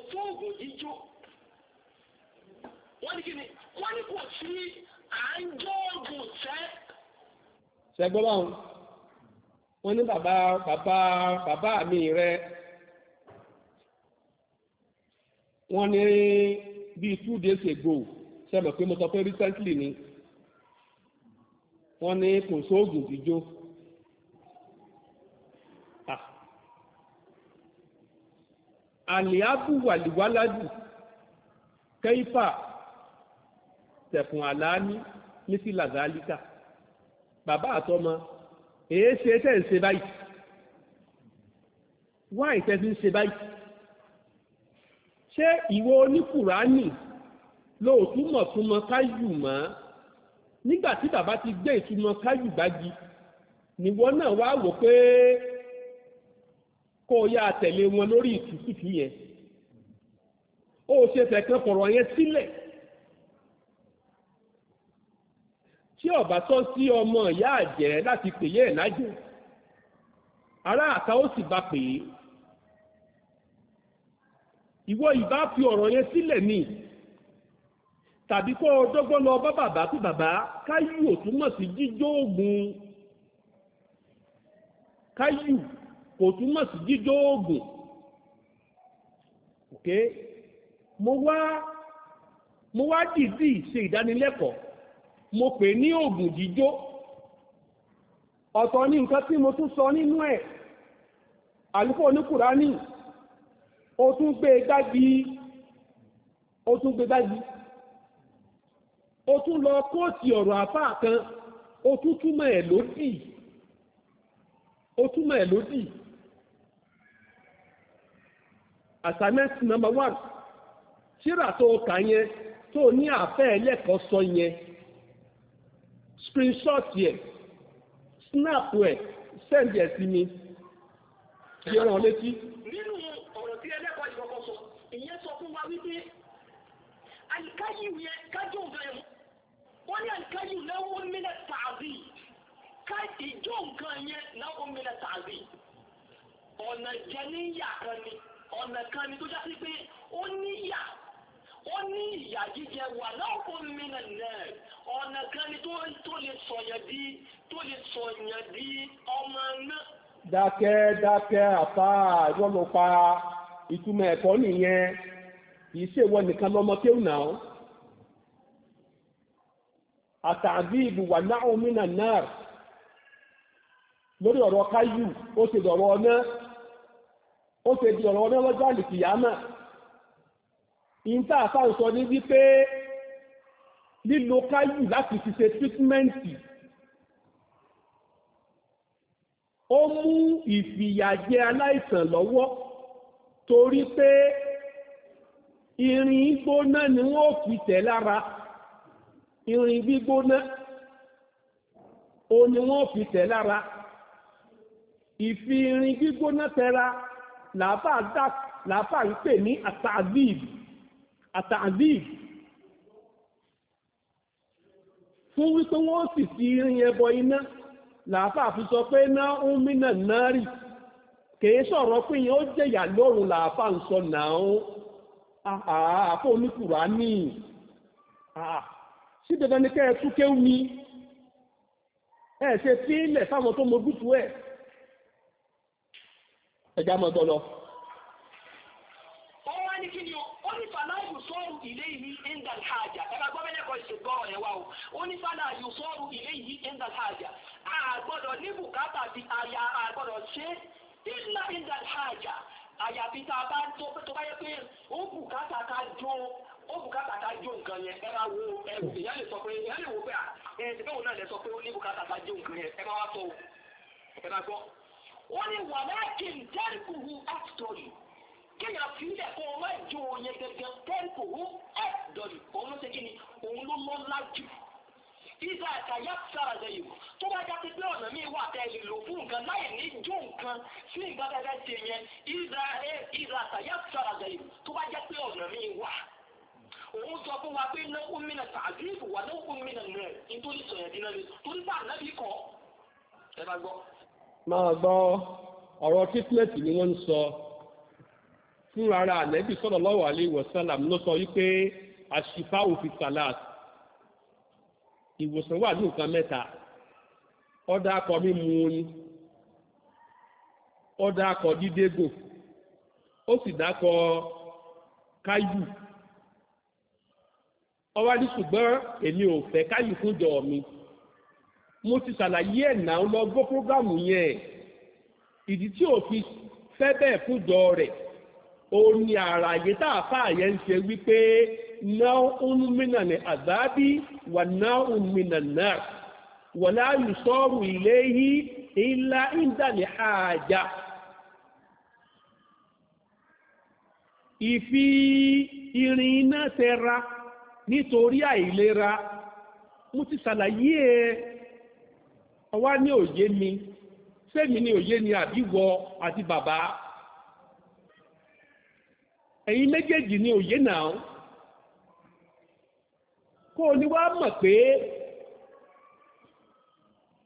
ṣẹgbọ́n báwọn wọ́n ní bàbá bàbá bàbá mi rẹ wọ́n ní bíi two days ago ṣe mọ̀ pé mo sọ pé recently ni wọ́n ní kò sóògùn jíjó. Ah. àlìábù wàlìwáládù kẹ́ífà tẹ̀fùn àlàání ní sí làzálíkà bàbá àtọmọ èé ṣe tẹ́ ń ṣe báyìí wáì tẹ́ fi ń ṣe báyìí ṣé ìwọ oníkùránì lóòtúmọ̀ túmọ̀ káyù mọ́ nígbà tí bàbá ti gbé ìtumọ̀ káyù gbági nìwọ náà wá wò pé kó o yáa tẹ̀lé wọn lórí ìtùkùtù yẹn ó ṣe fẹ̀kan fọ̀rọ̀ yẹn sílẹ̀. Si tí ọ̀bá tọ́ sí ọmọ ìyá àjẹ́ láti pèyẹ ẹ̀ lájẹ́ ará àká ó sì bá pè é ìwọ ìbá fi ọ̀rọ̀ yẹn sílẹ̀ ni tàbí kó o dọ́gbọ́n lọ bá bàbá pé bàbá káyù ò túmọ̀ sí jíjó oògùn káyù kò túmọ̀ sí jíjó oògùn ok mo wá mo wá dìídì ṣe ìdánilẹ́kọ̀ọ́ mo pè ní ògùn jíjó ọ̀tọ̀ ní nǹkan mo tún sọ nínú ẹ̀ àlùfò ní kùránì o tún gbé gbági e o tún gbé gbági e o tún lọ kóòtì ọ̀rọ̀ àpá kan o tún túmọ̀ ẹ̀ lódì o túmọ̀ ẹ̀ lódì assignment number one síra tó kà yẹn tó ní àfẹ́ ẹlẹ́kọ̀ọ́ sọ yẹn screenshot yẹ snap ẹ send yẹ sí mi kí ọ̀ràn létí. nínú ọ̀rọ̀ tí ẹlẹ́kọ̀ọ́ ìkọ̀kọ̀ sọ ìyẹn sọ fún wa wípé àyíkáyì yẹ kájọ nǹkan ẹ̀ wọ́n ní àyíkáyì náwó mílẹ̀ tààbí ká ìjọ nǹkan yẹn náwó mílẹ̀ tààbí ọ̀nà jẹ kan ni ọ̀nà kan ni tó já pé ó níyà ó ní ìyà jíjẹ wà láwọn mìíràn ọ̀nà kan ni tó lè sọ̀yàn di tó lè sọ̀yàn di ọmọ náà. dákẹ́ dákẹ́ àpá ìwọ́n ìtumọ̀ ẹ̀kọ́ nìyẹn kì nìkan lọ́mọ kéwù náà wà mìíràn náà lórí ọ̀rọ̀ káyù ìta àfáà sọ ní wípé lílo káyù láti fi ṣe tírítímẹ́ǹtì ó mú ìfìyàjẹ aláìsàn lọ́wọ́ torí pé irin gbóná ni wọ́n fi tẹ̀ lára irin gbígbóná ó ní wọ́n fi tẹ̀ lára ìfi irin gbígbóná tẹra làbá ń pè ní àtàzíìbì àtàzíì fún wípé wọ́n sì fi rin ẹbọ iná làáfàá fi sọ pé ná ń mínà náà rì kèé sọ̀rọ̀ pé yẹn ó jẹ̀yà lọ́rùn làáfàá ń sọ náà àpò oníkùrá ní sí dandan ni kẹ́ ẹ tún kéwú ni ẹ ṣe fílẹ̀ fáwọn tó mọ gúúsù ẹ̀ ẹ̀já mọ́ gbọ́ lọ. ọ̀rọ̀ ìṣègbọràn o ó ní fàlà yòsọrù ilé yìí ẹnda hajà àgbọ́dọ̀ ní bùkátà ti aya àgbọ́dọ̀ ṣe ìlà ẹnda hajà àyàfi tá bá tó bá pé ó bùkátà ká jó ó bùkátà ká jó nǹkan yẹn ẹ máa wo èèyàn lè sọ pé èèyàn lè wo pé à ah, náà lè sọ pé ó ní ká jó nǹkan yẹn ẹ máa wá ẹ máa gbọ́. kéèyàn fílẹ̀ kó o má jó oyin gẹ́gẹ́ tẹ́ǹkò ó ẹ̀ dọ̀lì òun ló ṣe kí ni òun ló lọ́ lájú. Ìgbà àtàyà sára ṣe yìí tó bá jáde pé ọ̀nà míì wà tẹ́ lè lò fún nǹkan láì ní jó nǹkan sí nǹkan tẹ́ fẹ́ ṣe yẹn ìgbà àtàyà sára ṣe yìí tó bá jáde pé ọ̀nà míì wà òun sọ fún wa pé iná omínà tàbí ìwà náà omínà náà nítorí sọ̀yẹ̀ dínà ni torí bá ànábì kọ́ ẹ bá gbọ́. máa gbọ́ ọ̀rọ̀ típlẹ̀tì ni wọ́n ń sọ fún ara ànẹ́bí sallallahu alaihi wasallam ló sọ wípé àṣìfá òfin salat ìwòsàn wà ní nǹkan mẹ́ta ọ̀dà akọ mímu oyin ọ̀dà akọ dídégò ó sì dákọ káyù ọwá ní ṣùgbọ́n èmi ò fẹ́ káyù fúnjọ mi mo ti ṣàlàyé ẹ̀ náà lọ gbọ́ prógámù yẹn ìdí tí ò fẹ́ bẹ́ẹ̀ fúnjọ rẹ̀ ó ní àràyè tá a fà yẹn ń ṣe wípé náà ń mìnà ní àzábí wà náà ń mìnà náà wọ̀lá yùsọ́rù ilé yìí ilá ìdàlẹ̀ àjà. ìfi irin iná tẹra nítorí àìlera mo ti ṣàlàyé ẹ ọwá ní òye mi sẹ́mi ní òye ni àbíwọ àti bàbá ẹ̀yin méjèèjì ni òye náà kó o ní wá mọ̀ pé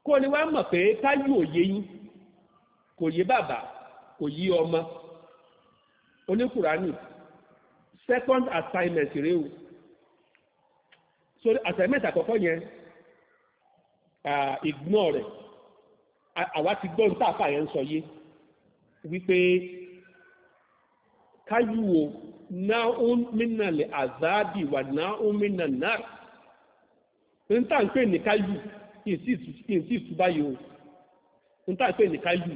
kó o ní wá mọ̀ pé táyù òye yín kò yé bàbá kò yí ọmọ oníkùránì second assignment rèé o so assignment àkọ́kọ́ yẹn ignore rẹ̀ àwa ti gbọ́ ní tààfà yẹn ń sọ yé wípé káyùwò náà ń mìnà lè àzáàbì wà náà ń mìnà náà ń tà ń pè ní káyù kí n sì tú báyìí o ń tà ń pè ní káyù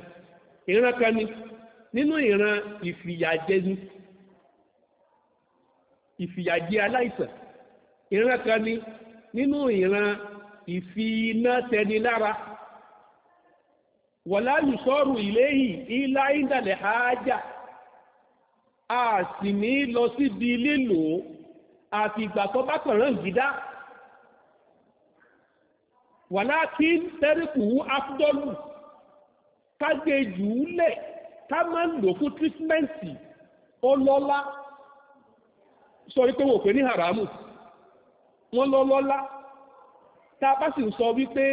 ìran kan ni nínú ìran ìfìyàjẹni ìfìyàjẹ aláìsàn ìran kan nínú ìran ìfi iná tẹni lára ilá ìdàlẹ̀ hájà a sì ní lọ síbi lílò àti ìgbà tó bá pẹ̀rán ìgídá wà láti tẹ́rìkù áfúdọ́lù ká gbé jù ú lẹ̀ ká máa lò fún tírísímẹ́ǹtì ó lọ́lá sọ wípé wò pé ní haramu wọ́n lọ lọ́lá tá a bá sì ń sọ wípé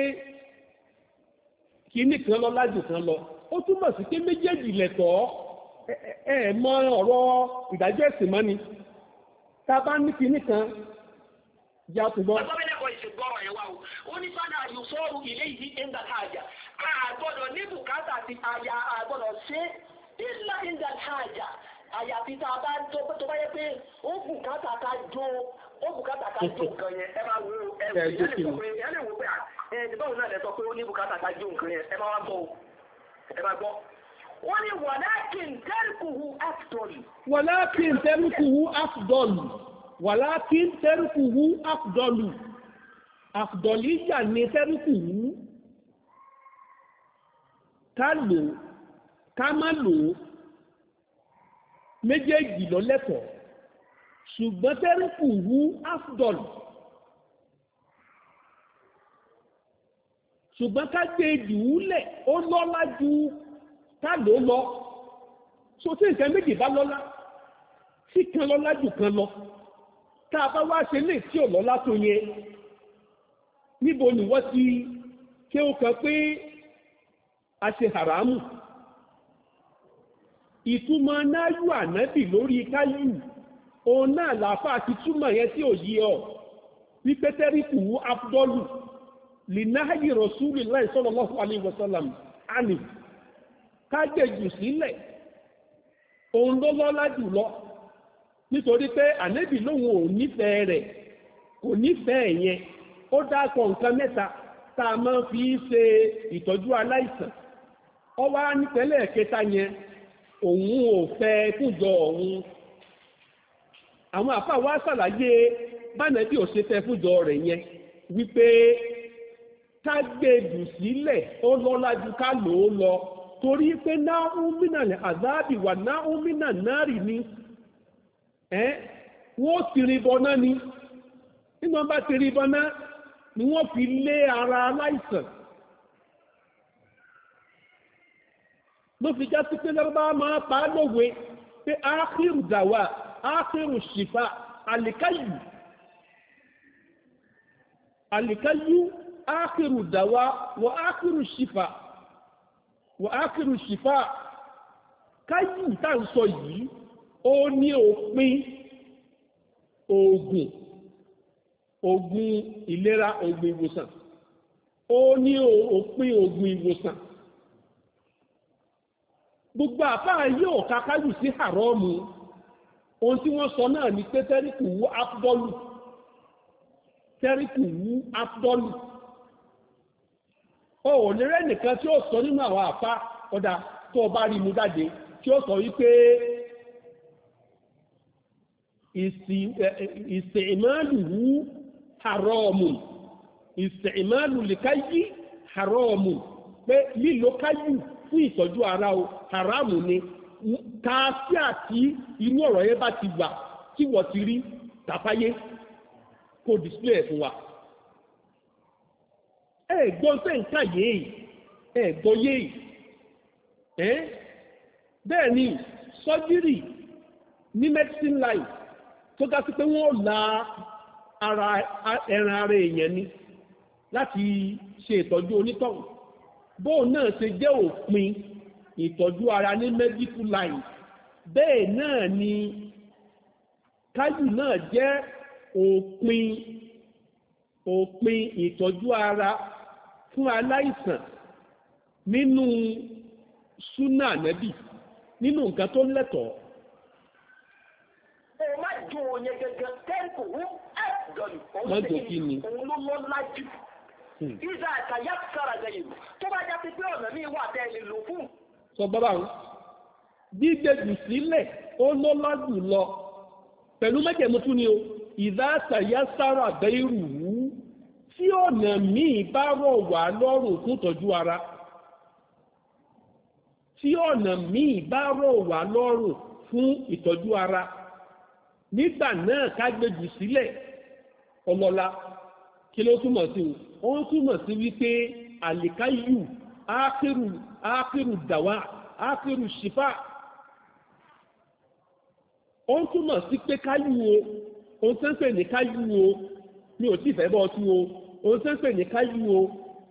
kìíní kan lọ́lá jù kan lọ ó túmọ̀ sí pé méjèèjì lẹ̀tọ́ ẹ mọ ọ̀rọ̀ ìdájọ́ ẹ̀sìn mọ́ ni tá a bá ní kinní kan já tó gbọ́. gómìnà kan ìṣègùn ọ̀rọ̀ yẹn wá o ó ní fádà àyùsọ́ọ̀rù ilé yìí ẹ̀ńdà àjà àgbọ̀dọ̀ ní bùkátà àti àyà àgbọ̀dọ̀ ṣe ìlà ẹ̀ńdà àjà àyàfi tá bá tó bá yẹ pé ó bùkátà ká jó ó bùkátà ká jó nǹkan yẹn ẹ máa wo ẹ ẹ lè wo pé ẹ ẹ báwo náà lẹ sọ pé ó ní bùkátà ká jó nǹkan yẹn ẹ máa wá gbọ́ ẹ máa gbọ́ wọ́n ní wàlákìn tẹ́rùkùhù afdọ́lù. wàlákìn tẹ́rùkùhù afdọ́lù wàlákìn tẹ́rùkùhù afdọ́lù afdọ́lìyà ni tẹ́rùkùhù ká lò ká má lò méjèèjì lọ́lẹ́kọ̀ọ́ ṣùgbọ́n tẹ́rùkùhù afdọ́lù. ṣùgbọ́n ká gbé jù ú lẹ̀ ó lọ́lá ju tá ló lọ so tí nǹkan méjì bá lọ́lá tí kan lọ́lá jù kan lọ tá a bá wá ṣe lè tí ò lọ́lá tó yẹ níbo ni wọ́n ti ké o kan pé a ṣe haramu ìtumọ̀ náyù ànábì lórí káyù òun náà làáfà ti túmọ̀ yẹn tí ò yí ọ wípé tẹ́ríkù abdọ́lù lìnáhàyè rọ̀ṣúlì láì sallallahu alaihi wasallam ànìyàn kájèjù sílẹ̀ òun ló lọ́lá jùlọ nítorí pé ànẹ́bì lóun ò nífẹ̀ẹ́ rẹ̀ kò nífẹ̀ẹ́ yẹn ó nǹkan mẹ́ta tá a máa fi ṣe ìtọ́jú aláìsàn ọ wá nítẹ́lẹ̀ kẹta yẹn òun ò fẹ́ fúnjọ òun àwọn àfa wa ṣàlàyé bánẹ́bí ò ṣe fẹ́ fúnjọ rẹ̀ yẹn wípé ká sílẹ̀ ó lọ́lá ju ká lọ. torí pé náà ń mìnà lẹ̀ àzáàbì wà náà ń mìnà náà rì ni wọ́n ti rí bọ́ náà ni nínú ọba ti rí bọ́ náà ni wọ́n fi lé ara aláìsàn ló fi já sí pé lọ́ba máa pa á lòwe pé ákírù dàwà ákírù ṣìfà àlìkáyù àlìkáyù ákírù dàwà wọ ákírù ṣìfà wà á kìrù ṣìfà káyì ìta ń sọ yìí ó ní òpin oògùn oògùn ìlera oògùn ìwòsàn ó ní òpin oògùn ìwòsàn gbogbo àfáà yóò ka káyù sí haramu ohun tí wọ́n sọ náà ni pé tẹ́ríkù wú afdọ́lù tẹ́ríkù wú afdọ́lù o ò ní rẹ́nìkan tí ó sọ nínú àwọn àpá ọ̀dá tó bá rí mú dáde tí ó sọ wípé ìsìmáàlùú haromu ìsìmáàlùú lìkáyí haromu pé lílo káyù fún ìtọ́jú ara o haramu ni ta sí àti inú ọ̀rọ̀ yẹn bá ti wà tí wọ́n ti rí tàfáyé kò display fún wa. ẹ̀gbọ́n tẹ́ ń kà yìí ẹ̀gbọ́n yìí ẹ́ bẹ́ẹ̀ ni sọ́jírì ní medicine life tó ga sí pé wọ́n la ara ẹran ara èèyàn ni láti ṣe ìtọ́jú onítọ̀hún bóun náà ṣe jẹ́ òpin ìtọ́jú ara ní medical life bẹ́ẹ̀ náà ni kájù náà jẹ́ òpin òpin ìtọ́jú ara fún aláìsàn nínú súnà nẹ́bì nínú nǹkan tó lẹ́tọ̀ọ́. má jò yẹn gẹ́gẹ́ tẹ́ǹkù ń ẹ̀dọ̀lù òun ní òun ló lọ lájú. Hmm. ìdá àtàyà sára lẹ́yìn tó bá já pé ọ̀nà mi wà tẹ́ lè lò fún. sọ bàbá wọn gbígbèjì sílẹ̀ ó lọ́lá jù lọ pẹ̀lú mẹ́jẹ̀mú tún ni o ìdá àtàyà sára bẹ́ẹ̀rù wù tí ọ̀nà míì bá rọ̀ wá lọ́rùn fún ìtọ́jú ara tí ọ̀nà míì bá rọ̀ wá lọ́rùn fún ìtọ́jú ara nígbà náà ká gbèjù sílẹ̀ ọlọ́lá kí ló túmọ̀ sí o ó túmọ̀ sí wípé àlìkáyù ákírù ákírù dàwà ákírù ṣìfà ó túmọ̀ sí pé káyù o ohun ń pè ní káyù o mi ò tí ì bọ́ tú o ohun se ń pè ní káyú o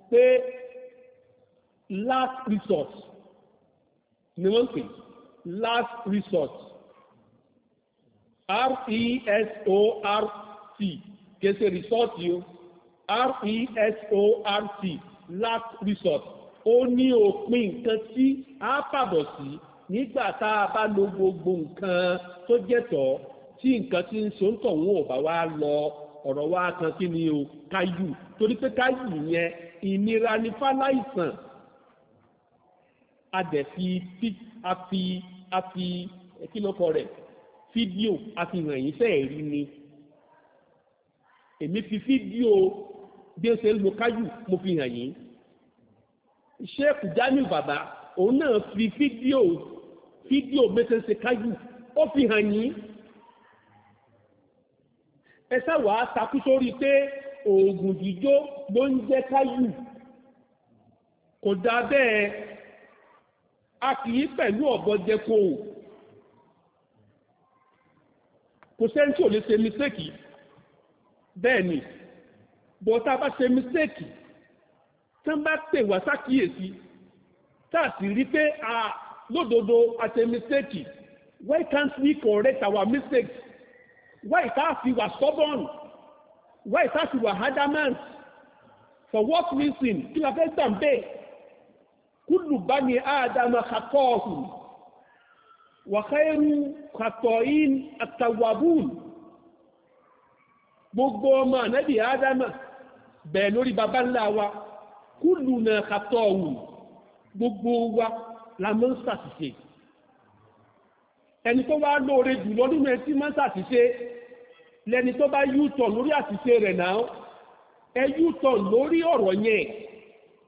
pé last resort ni wọ́n ń last resort r-e-s-o-r-t kese resort yìí o r-e-s-o-r-t last resort ó ní òpin nǹkan tí a pàbọ̀ sí nígbà tá a bá lo gbogbo nǹkan tó jẹ́tọ̀ọ́ tí nǹkan tí ń so ń tọ̀ wọn ò bá wá lọ ọ̀rọ̀ wa kan kí ni o káyù torí pé káyù yẹn ìnira ni fáláìsàn a dẹ̀ fi a fi a fi kí ló kọ rẹ̀ fídíò a fi hàn yín sẹ́ẹ̀ rí ni èmi fi fídíò bí ó ṣe ń lo káyù mo fi hàn yín sheikh jamiu baba òun náà fi fídíò fídíò bí ó ṣe ń ṣe káyù ó fi hàn yín ẹ sáwà á takú sórí pé oògùn jíjó ló ń jẹ́ káyù kò dá bẹ́ẹ̀ a kì í pẹ̀lú ọ̀bọ jẹko kò sẹ́ni tí ò lè ṣe mistake bẹ́ẹ̀ ni bọ́tá bá ṣe mistake tán bá pè wá sákìyèsí tá a sì rí pé a lódodo a ṣe mistake why can't we correct our mistakes why ìta fi wà stubborn why ìta fi wà adamant for what reason kí la fẹ́ gbà ń bẹ́ẹ̀ kúlù bá ní àdàmà kàtọ́ ọ̀hún wàkẹ́rù kàtọ́ in àtàwàbùn gbogbo ọmọ ànábì àdàmà bẹ̀ẹ̀ lórí baba ńlá wa kúlù náà kàtọ́ ọ̀hún gbogbo wa la mọ́ ń ẹni tó bá lóore jù lọ nínú ẹtí máa ń ṣàṣìṣe lẹni tó bá yúùtọ̀ lórí àṣìṣe rẹ̀ náà ẹ yúùtọ̀ lórí ọ̀rọ̀ yẹn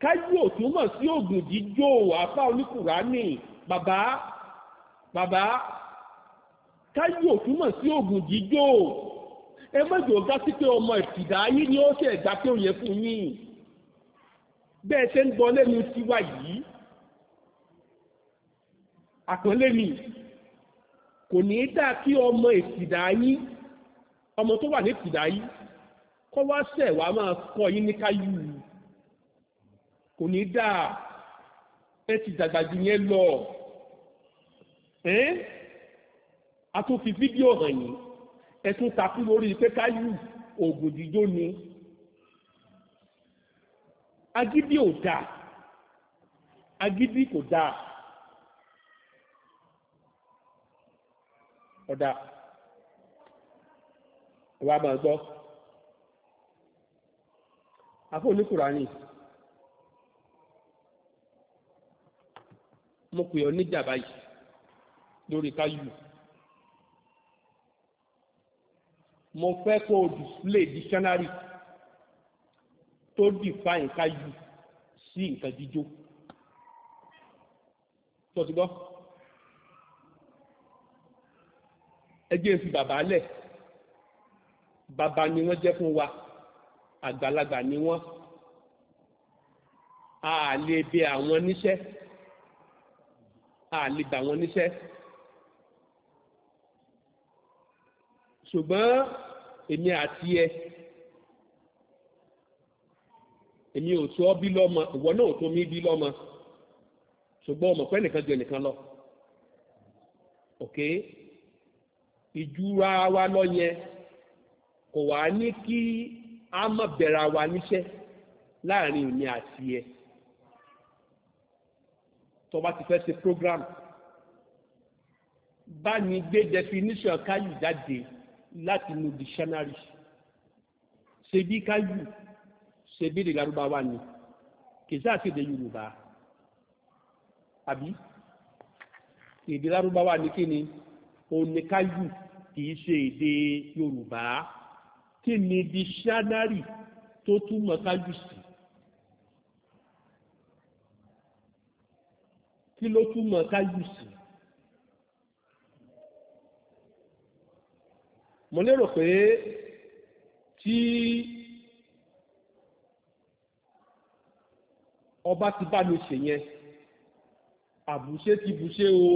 kájú òtúmọ̀ sí ògùn jíjó àbá oníkùránì bàbá bàbá kájú òtúmọ̀ sí ògùn jíjó ẹ mọ̀jọ̀ ga sí pé ọmọ ìtìdá yín ni ó ṣe ẹ̀dá pé ó yẹ fún yín bẹ́ẹ̀ ṣe ń gbọ́ lẹ́nu tiwa yìí àpọ́nlé kò ní í dá kí ọmọ ìpìdá yín ọmọ tó wà ní ìpìdá yín kọ́ wá sẹ̀ wá máa kọ́ yín ní káyù kò ní í dá ẹ ti dàgbà jù yẹn lọ a tún fi fídíò hàn yín ẹ tún takú lórí pé káyù oògùn jíjó ni agídí ò dáa agídí kò dáa. ọ̀dà ọba máa gbọ́ afọ oníkùránì mo pè ọ níjà báyìí lórí káyù mo fẹ́ kó o display dictionary tó define káyù sí nǹkan jíjó gbọ́. ẹgbẹ́ fi bàbá lẹ̀ bàbá ni wọ́n jẹ́ fún wa àgbàlagbà ni wọ́n a lè bẹ àwọn níṣẹ́ a lè bà wọ́n níṣẹ́ ṣùgbọ́n èmi àti ẹ èmi ò tó bí lọ́mọ ìwọ náà ò tó mí bí lọ́mọ ṣùgbọ́n ọmọ pẹ́ nìkan jẹ nìkan lọ okay ìjúra wa lọ yẹn kò wá ní kí a mọ̀ bẹ̀rẹ̀ wa níṣẹ́ láàrin èmi àti ẹ tó bá ti fẹ́ ṣe program bá ní gbé definition káyù jáde láti inú dictionary ṣebí káyù ṣebí èdè Lárúbáwá ni kì í sáà sí èdè Yorùbá àbí èdè Lárúbáwá ni kí ni oníkáyù kì í ṣe èdè yorùbá kí ni dictionary tó túmọ̀ káyù sí kí ló túmọ̀ káyù sí. mo lérò pé tí ọba ti bá mi ṣèyẹn àbùṣe ti bùṣe o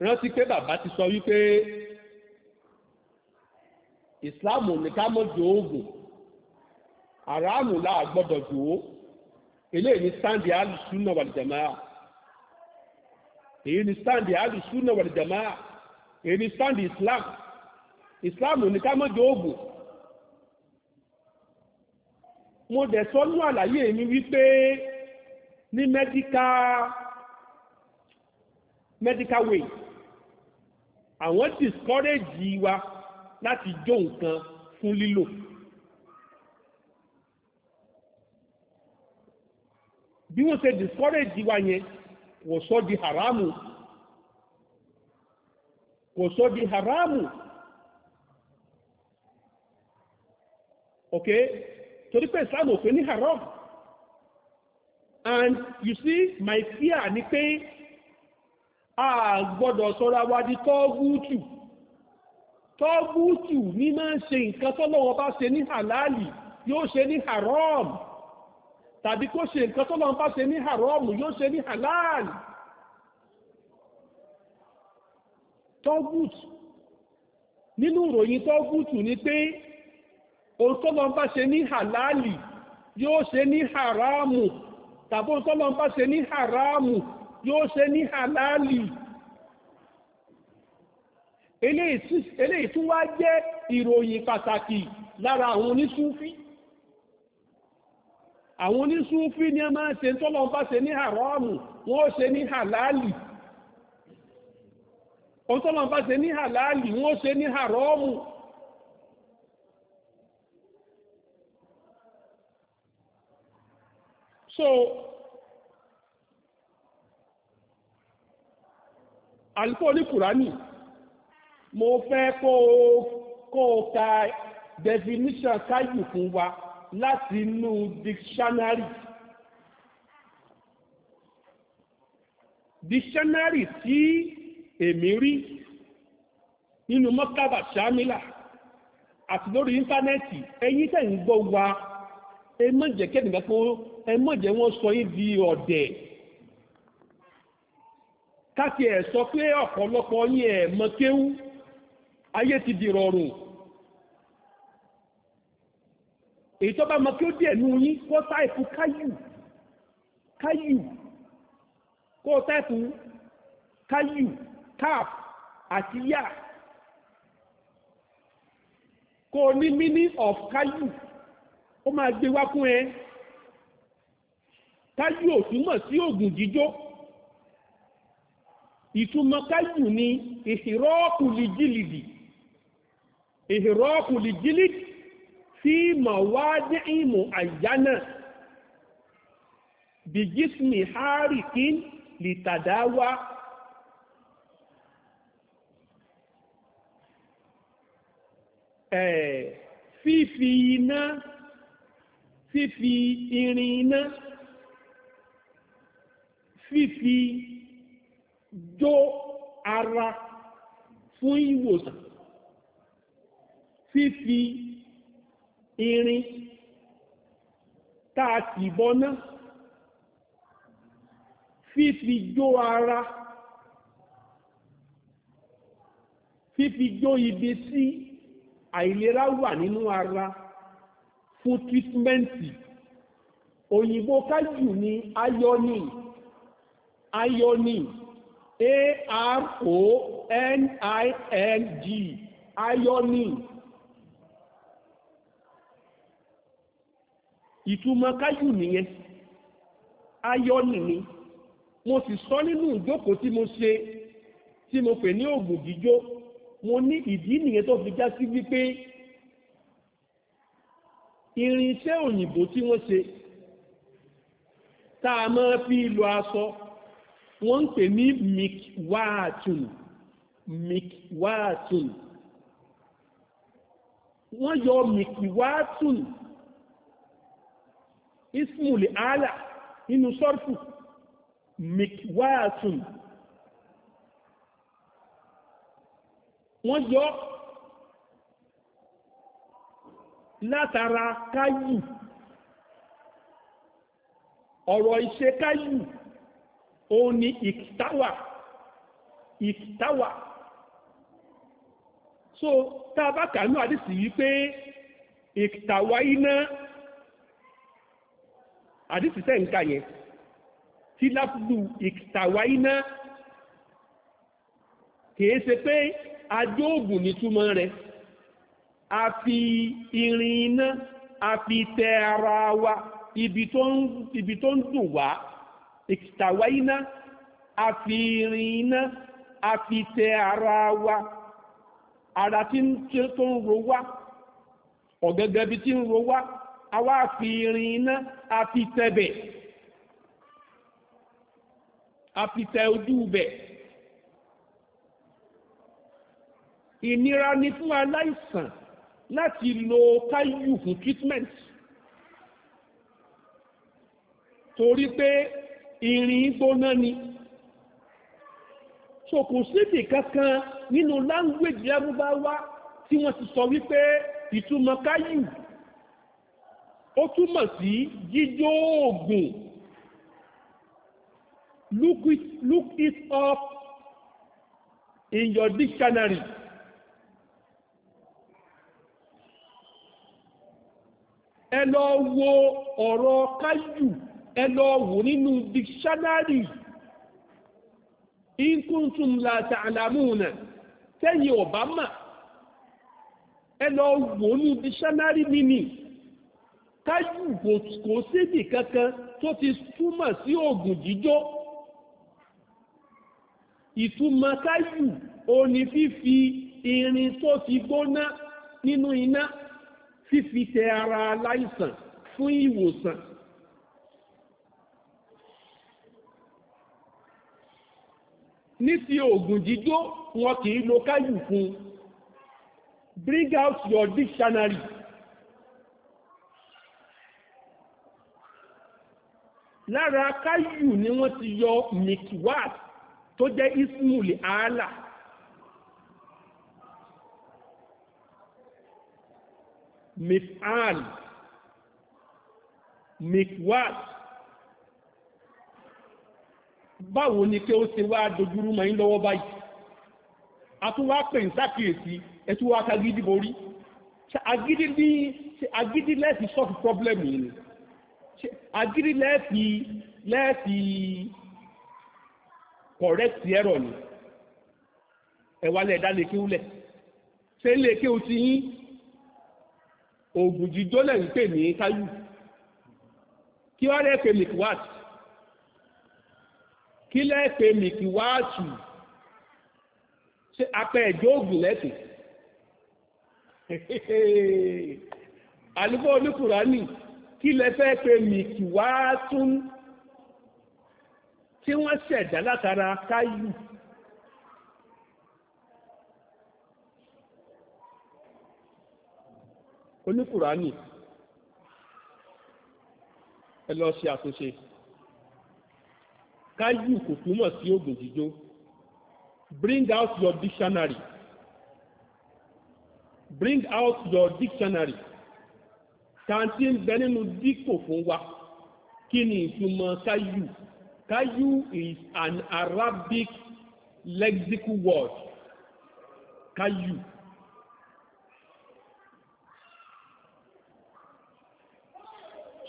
rántí pé bàbá ti sọ wípé ìsìláàmù ní ká mọ́ jò oògùn àràánù láà gbọ́dọ̀ jò ó eléyìí ni sáǹdì alùsùnà wàlìjàmáà èyí ni sáǹdì alùsùnà wàlìjàmáà èyí ni sáǹdì islam islam ní ká mọ́ jò oògùn mo dẹ̀ sọ́nú àlàyé mi wípé ní medical medical way àwọn discourage wa láti jó nǹkan fún lílò. bí wọ́n ṣe discourage wa yẹn wọ́n sọ di haramu kò sọ di haramu ok torí pé Islam ò pé ní haram and you see my fear ni pé a gbọ́dọ̀ sọ́ra wa di tọ́gútù tọ́gútù ní máa ń ṣe nǹkan tọ́lọ́wọ́ bá ṣe ní halali yóò ṣe ní haram tàbí kó ṣe nǹkan tọ́lọ́wọ́ bá ṣe ní haram yóò ṣe ní halal tọ́gútù nínú ìròyìn tọ́gútù ni pé ohun tọ́lọ́wọ́ bá ṣe ní halali yóò ṣe ní haramu tàbí ohun tọ́lọ́wọ́ bá ṣe ní haramu yóò ṣe ní halali eléyìí tún wá jẹ́ ìròyìn pàtàkì lára àwọn onísúfí àwọn onísúfí ní ẹ máa ṣe tọ́lọ́n bá ṣe ní haramu wọ́n ṣe ní halali ohun tọ́lọ́n bá ṣe ní halali wọ́n ṣe ní haramu so àlùfọ́ ní kùránì mo fẹ́ kó kó ka definition káyù fún wa láti inú dictionary dictionary tí èmi rí nínú mọ́kàbà sàmìlà àti lórí íńtánẹ́ẹ̀tì ẹ̀yin tẹ̀ ń gbọ́ wa ẹ má jẹ́ kẹ́nìkan kó ẹ má wọ́n sọ yín di ọ̀dẹ̀ káti ẹ sọ pé ọ̀pọ̀lọpọ̀ yín ẹ̀ mọ kéwú ayé ti di rọrùn èyí tó bá mọ kí ó díẹ̀ nú yín kó táìpù káyù káyù kó táìpù káyù àti yá kó ní of káyù ó máa gbé wá fún ẹ káyù ò túmọ̀ sí oògùn jíjó. ìtumọ̀ kájù ni ìhìrọ́ọ̀kùlì jìlìdì ìhìrọ́ọ̀kùlì jìlìdì sí mọ̀wádé ìmọ̀ àyánà bìjísmì hárìkín lìtàdáwá fífi iná fífi irin iná fífi jó ara fún ìwòsàn fífi irin táa sì bọ́ná fífi jó ara fífi jó ibi tí àìlera wà nínú ara fún tírítímẹ́ǹtì òyìnbó kájù ní ayọ́nì ayọ́nì a-r-o-n-i-n-g ayọ́nì ìtumọ̀ káyù nìyẹn ayọ́nì ni mo sì sọ nínú ìjókòó tí mo ṣe tí mo pè ní ògùn jíjó mo ní ìdí nìyẹn tó fi já sí wípé irinṣẹ́ òyìnbó tí wọ́n ṣe tá a fi lọ aṣọ wọ́n ń pè ní mikwaatun mikwaatun wọ́n yọ mikwaatun ismuli ala nínú sọ́rfù mikwaatun wọ́n yọ látara káyù ọ̀rọ̀ ìṣe káyù ó ní ìkìtáwà ìkìtáwà so tá a bá kàánú àdìsí wípé ìkìtáwà iná àdìsí sẹ́ǹkà yẹn tí láfúdù ìkìtáwà iná kìí ṣe pé ajóògùn nìtúmọ̀ rẹ̀ a fi irin iná a fi tẹ ara wa ibi tó ń dùn wá ìtàwá iná àfihàn iná àfitẹ ara wa ara tí tó ń ro wá ọ̀gẹ́gẹ́ bí tí ń ro wá àwa àfihàn iná àfitẹbẹ̀ àfitẹ ojú bẹ̀ ìnira ni fún aláìsàn láti lo káyù fún treatment torí pé ìrìn gbóná ni so kò síbì kankan nínú láńgbèjì lárúbáwá tí wọ́n ti sọ wípé ìtumọ̀ káyù ó túmọ̀ sí jíjó oògùn look it look it up in your dictionary. ẹ lọ wo ọ̀rọ̀ káyù ẹ lọ wò nínú dictionary in kuntum la ta'lamuna tẹ́yìn ọ̀bá mà ẹ lọ wò nínú dictionary nínú kájú kò síbì kankan tó ti túmọ̀ sí oògùn jíjó ìtumọ̀ káyù ó ní fífi irin tó ti gbóná nínú iná fífi tẹ ara aláìsàn fún ìwòsàn ní ti oògùn jíjó wọn kì í lo káyù fún bring out your dictionary lára káyù ni wọ́n ti yọ mikiwat tó jẹ́ ismul àálà mifal mikiwat báwo ni kí ó ṣe wá dojúrú mọ́ yín lọ́wọ́ báyìí a tún wá pè ń sàkíyèsí ẹ tún wá kagídí borí agídí ní agídí lẹ́ẹ̀sì sọ́ọ̀fù pọ́blẹ́mù yìí ni agídí lẹ́ẹ̀sì lẹ́ẹ̀sì kọ̀rẹ́tì ẹ̀rọ ni ẹ̀wálẹ̀ ẹ̀dá lè kí wúlẹ̀ ṣé lè kí o ti yín ògùn jíjó lẹ̀ ń pè ní táyù kí wọ́n rẹ̀ pè ní kwat kí lẹ́ẹ̀pẹ́ mìkì wáàtù ṣe apẹ́ ẹ̀jọ́ ògùn lẹ́pẹ́ àlùfọ́ oníkùránì kí lẹ́fẹ́ pé mìkì wáàtù tí wọ́n ṣẹ̀dá látara káyù oníkùránì ẹ lọ ṣe àtúnṣe káyù kò túmọ̀ sí ògùn jíjó bring out your dictionary bring out your dictionary tàǹtí ń bẹ nínú dípò fún wa kí ni ìtumọ̀ káyù káyù is an Arabic lexical word káyù.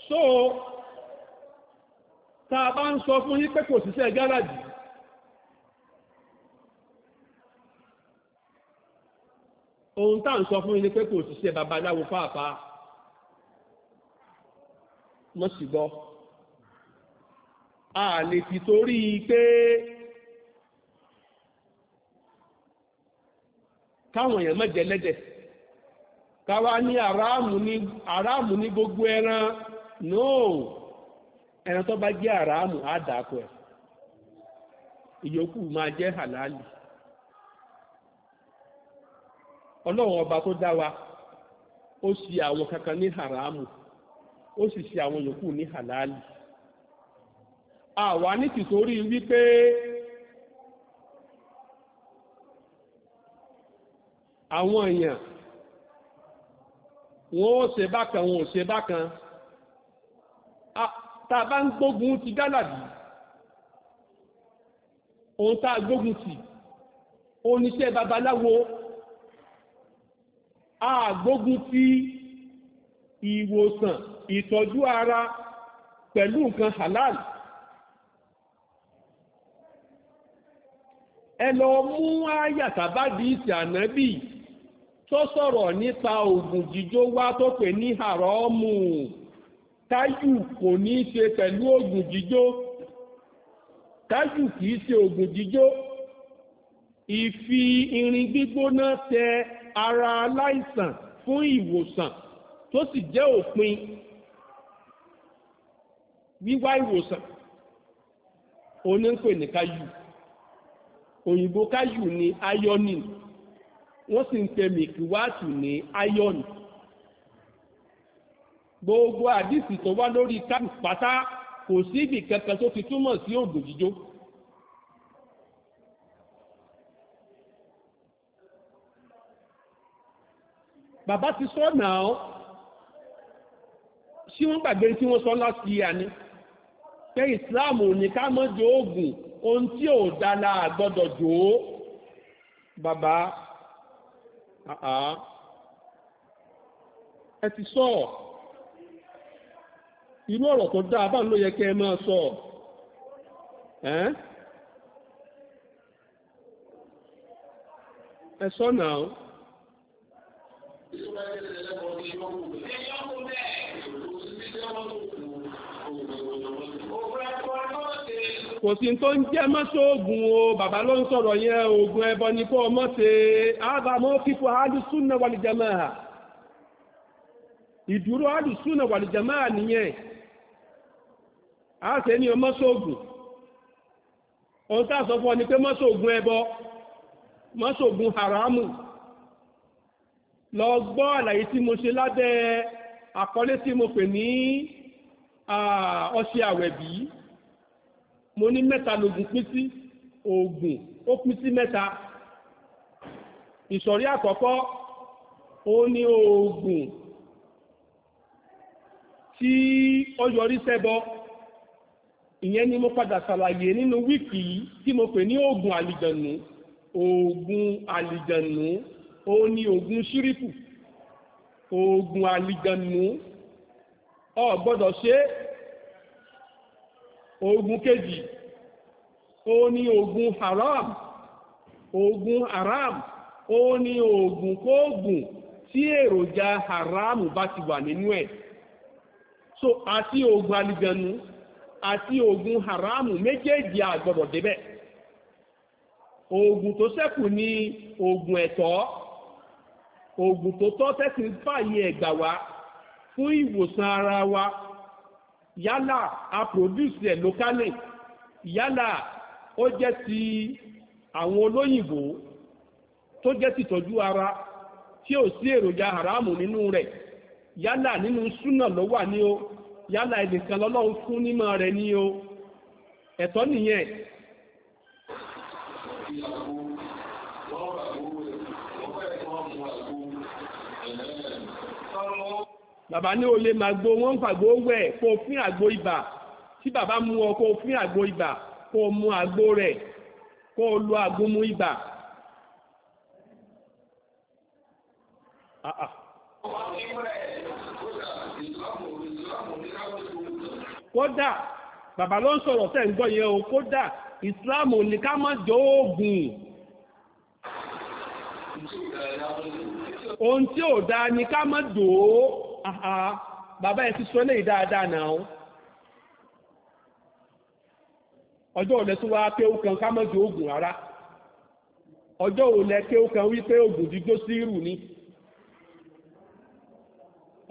so tá a bá ń sọ fún yín pé kò síṣẹ́ gáràjì ohun tá ń sọ fún yín ni pé kò síṣẹ́ babaláwo pàápàá wọ́n sì gbọ́ a lè fi torí pé káwọn èèyàn mẹ́jẹ lẹ́dẹ̀ káwa ní àràmù ní gbogbo ẹran nóò. No ẹran tó bá jẹ́ àràámù á dàkọ ẹ̀ ìyókù máa jẹ́ hàlálì ọlọ́run ọba tó dá wa ó sì àwọn kankan ní o ó sì ṣe àwọn yòókù ní hàlálì àwa ní tìtorí wípé àwọn èèyàn wọn ò ṣe bákan wọn ò ṣe bákan tá a bá ń gbógun ti gálàdì ohun tá a gbógun ti oníṣẹ́ babaláwo a gbógun ti ìwòsàn ìtọ́jú ara pẹ̀lú nǹkan halal ẹ lọ mú àyàtàbádì ìsì ànábì tó sọ̀rọ̀ nípa ògùn jíjó wá tó pè ní àrọ́ọ̀mù tájù kò ní í ṣe pẹ̀lú ògùn jíjó tájù kìí ṣe ògùn jíjó ìfi irin gbígbóná tẹ ara aláìsàn fún ìwòsàn tó sì jẹ́ òpin wíwá ìwòsàn onípè ní káyù òyìnbó káyù ní ayọ́nì wọ́n sì ń pè mìkíwáàtù ní ayọ́nì gbogbo àdìsí tó wá lórí káàdì pátá kò sí ibì kankan tó fi túmọ̀ sí ògùn jíjó. bàbá ti sọ náà ṣí wọ́n gbàgbé tí wọ́n sọ láti yà ni pé ìsìláàmù ní ká mọ́ jò ògùn ohun tí ò dára àgbọ́dọ̀ jò ó bàbá ẹ ti sọ ọ́. irú ọ̀rọ̀ tó dáa bá ń ló yẹ kẹ́ ẹ máa sọ ẹ sọ náà. kò sí tó ń jẹ́ mọ́tò oògùn o bàbá ló ń sọ̀rọ̀ yẹn oògùn ẹbọ ni ṣe ábàámọ́ ìdúró nìyẹn. a ṣe ní o mọ́ṣọ́gùn ohun tá sọ fún ọ ni pé mọ́ṣọ́gùn ẹbọ mọ́ṣọ́gùn haramu lọ gbọ́ àlàyé tí mo ṣe lábẹ́ àkọlé tí mo pè ní ọṣẹ àwẹ̀bí mo ní mẹ́ta lògùn pín sí oògùn ó pín sí mẹ́ta ìsọ̀rí àkọ́kọ́ ó ní oògùn tí ó yọrí sẹ́bọ ìyẹn ni mo padà ṣàlàyé nínú wíìkì yìí tí mo pè ní oògùn àlìjànú oògùn àlìjànú ó ní oògùn ṣírífù oògùn àlìjànú o gbọ́dọ̀ ṣe oògùn kejì ó ní oògùn haram oògùn haram ó ní oògùn kóògùn tí èròjà haram bá ti wà nínú ẹ̀ so àti oògùn àlìjànú àti ogun haramu méjèèjì àgbọ̀dọ̀ débẹ̀ ogun tó ṣẹ́kù ni ogun ẹ̀tọ́ ogun tó tọ́ tẹ́sìn fààyè ẹ̀gbà wá fún ìwòsàn ara wa yálà a produce ẹ̀ locally yálà ó jẹ́ ti àwọn olóyìnbó tó jẹ́ ti tọ́jú ara tí ò sí èròjà haramu nínú rẹ̀ yálà nínú súnà ló wà yálà ẹnìkan lọ́lọ́run fún nímọ̀ rẹ̀ ní o ẹ̀tọ́ nìyẹn bàbá ní olè máa gbó wọ́n ń pàgbó wẹ̀ kó fún àgbo ibà tí bàbá mú ọ kó fún àgbo ibà kó mu àgbo rẹ̀ kó lo àgbo ibà. Ah, ah. kódà bàbá ló ń sọ̀rọ̀ tẹ́ ń gbọ́ o kódà islam ò ní ká má oògùn ohun tí ò dáa ni ká má dò ó bàbá ẹ ti sọ eléyìí dáadáa náà ọjọ́ òlẹ̀ tó wá pé ó kan ká má jẹ́ oògùn rárá ọjọ́ òlẹ̀ pé ó kan wípé oògùn dídó sí irú ni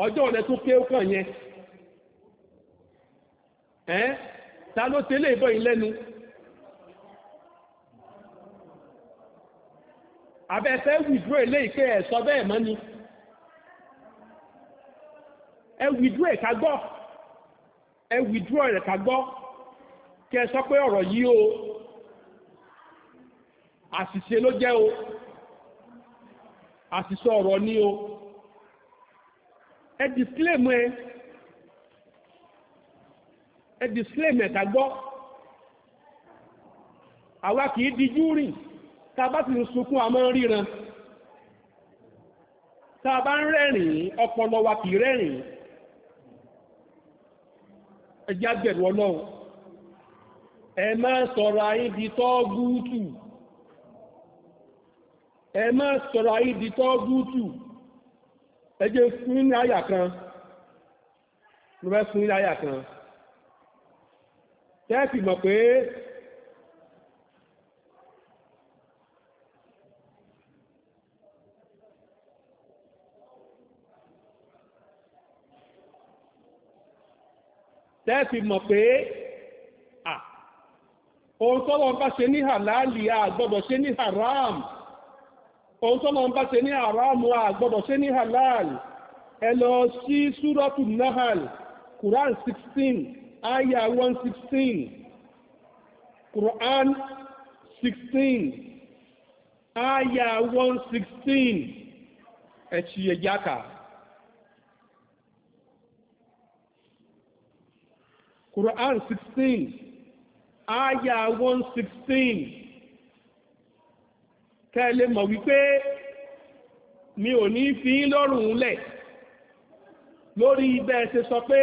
ọjọ́ òlẹ̀ tó pé yẹn ẹ́ ta ló tẹ́lẹ̀ ìbọ̀ ìlẹ́nu abẹ́fẹ́ wìdúró ilé ìpé ẹ̀sọ bẹ́ẹ̀ mọ́ ni ẹ wìdúró ẹ̀ka gbọ́ ẹ wìdúró ẹ̀ka gbọ́ kí ẹ sọ pé ọ̀rọ̀ yìí o àṣìṣe ló jẹ́ o àṣìṣe ọ̀rọ̀ ni o ẹ dìsílẹ̀mù ẹ ẹ display mẹ́ta gbọ́ àwa kìí dijú rìn tá a bá ti ń sunkún àmọ́ ríran tá a bá ń rẹ́rìn-ín ọpọlọ wa kìí rẹ́rìn-ín ẹjá bẹ̀rù ọlọ́run ẹ má sọ̀rọ̀ ayé tọ́gútù ẹ má sọ̀rọ̀ ayé tọ́gútù ẹ fún ní àyà kan mo fún ní àyà kan tẹ́ẹ̀fì mọ̀ pé tẹ́ẹ̀fì mọ̀ pé à ohun tọ́lọ ń bá ṣe ní hàláàlì àgbọ́dọ̀ ṣe ní haram ohun tọ́lọ ń bá ṣe ní haram àgbọ́dọ̀ ṣe ní hàláàlì ẹ lọ sí súrọ́tù nahal Quran 16 Ayah 116 Quran 16 Ayah 116 ẹ̀tì ẹ̀yáka Quran 16 Ayah 116 kẹ́lẹ̀ mọ̀ wípé mi ò ní fi lọ́rùn lẹ̀ lórí ibẹ̀ ṣe sọ pé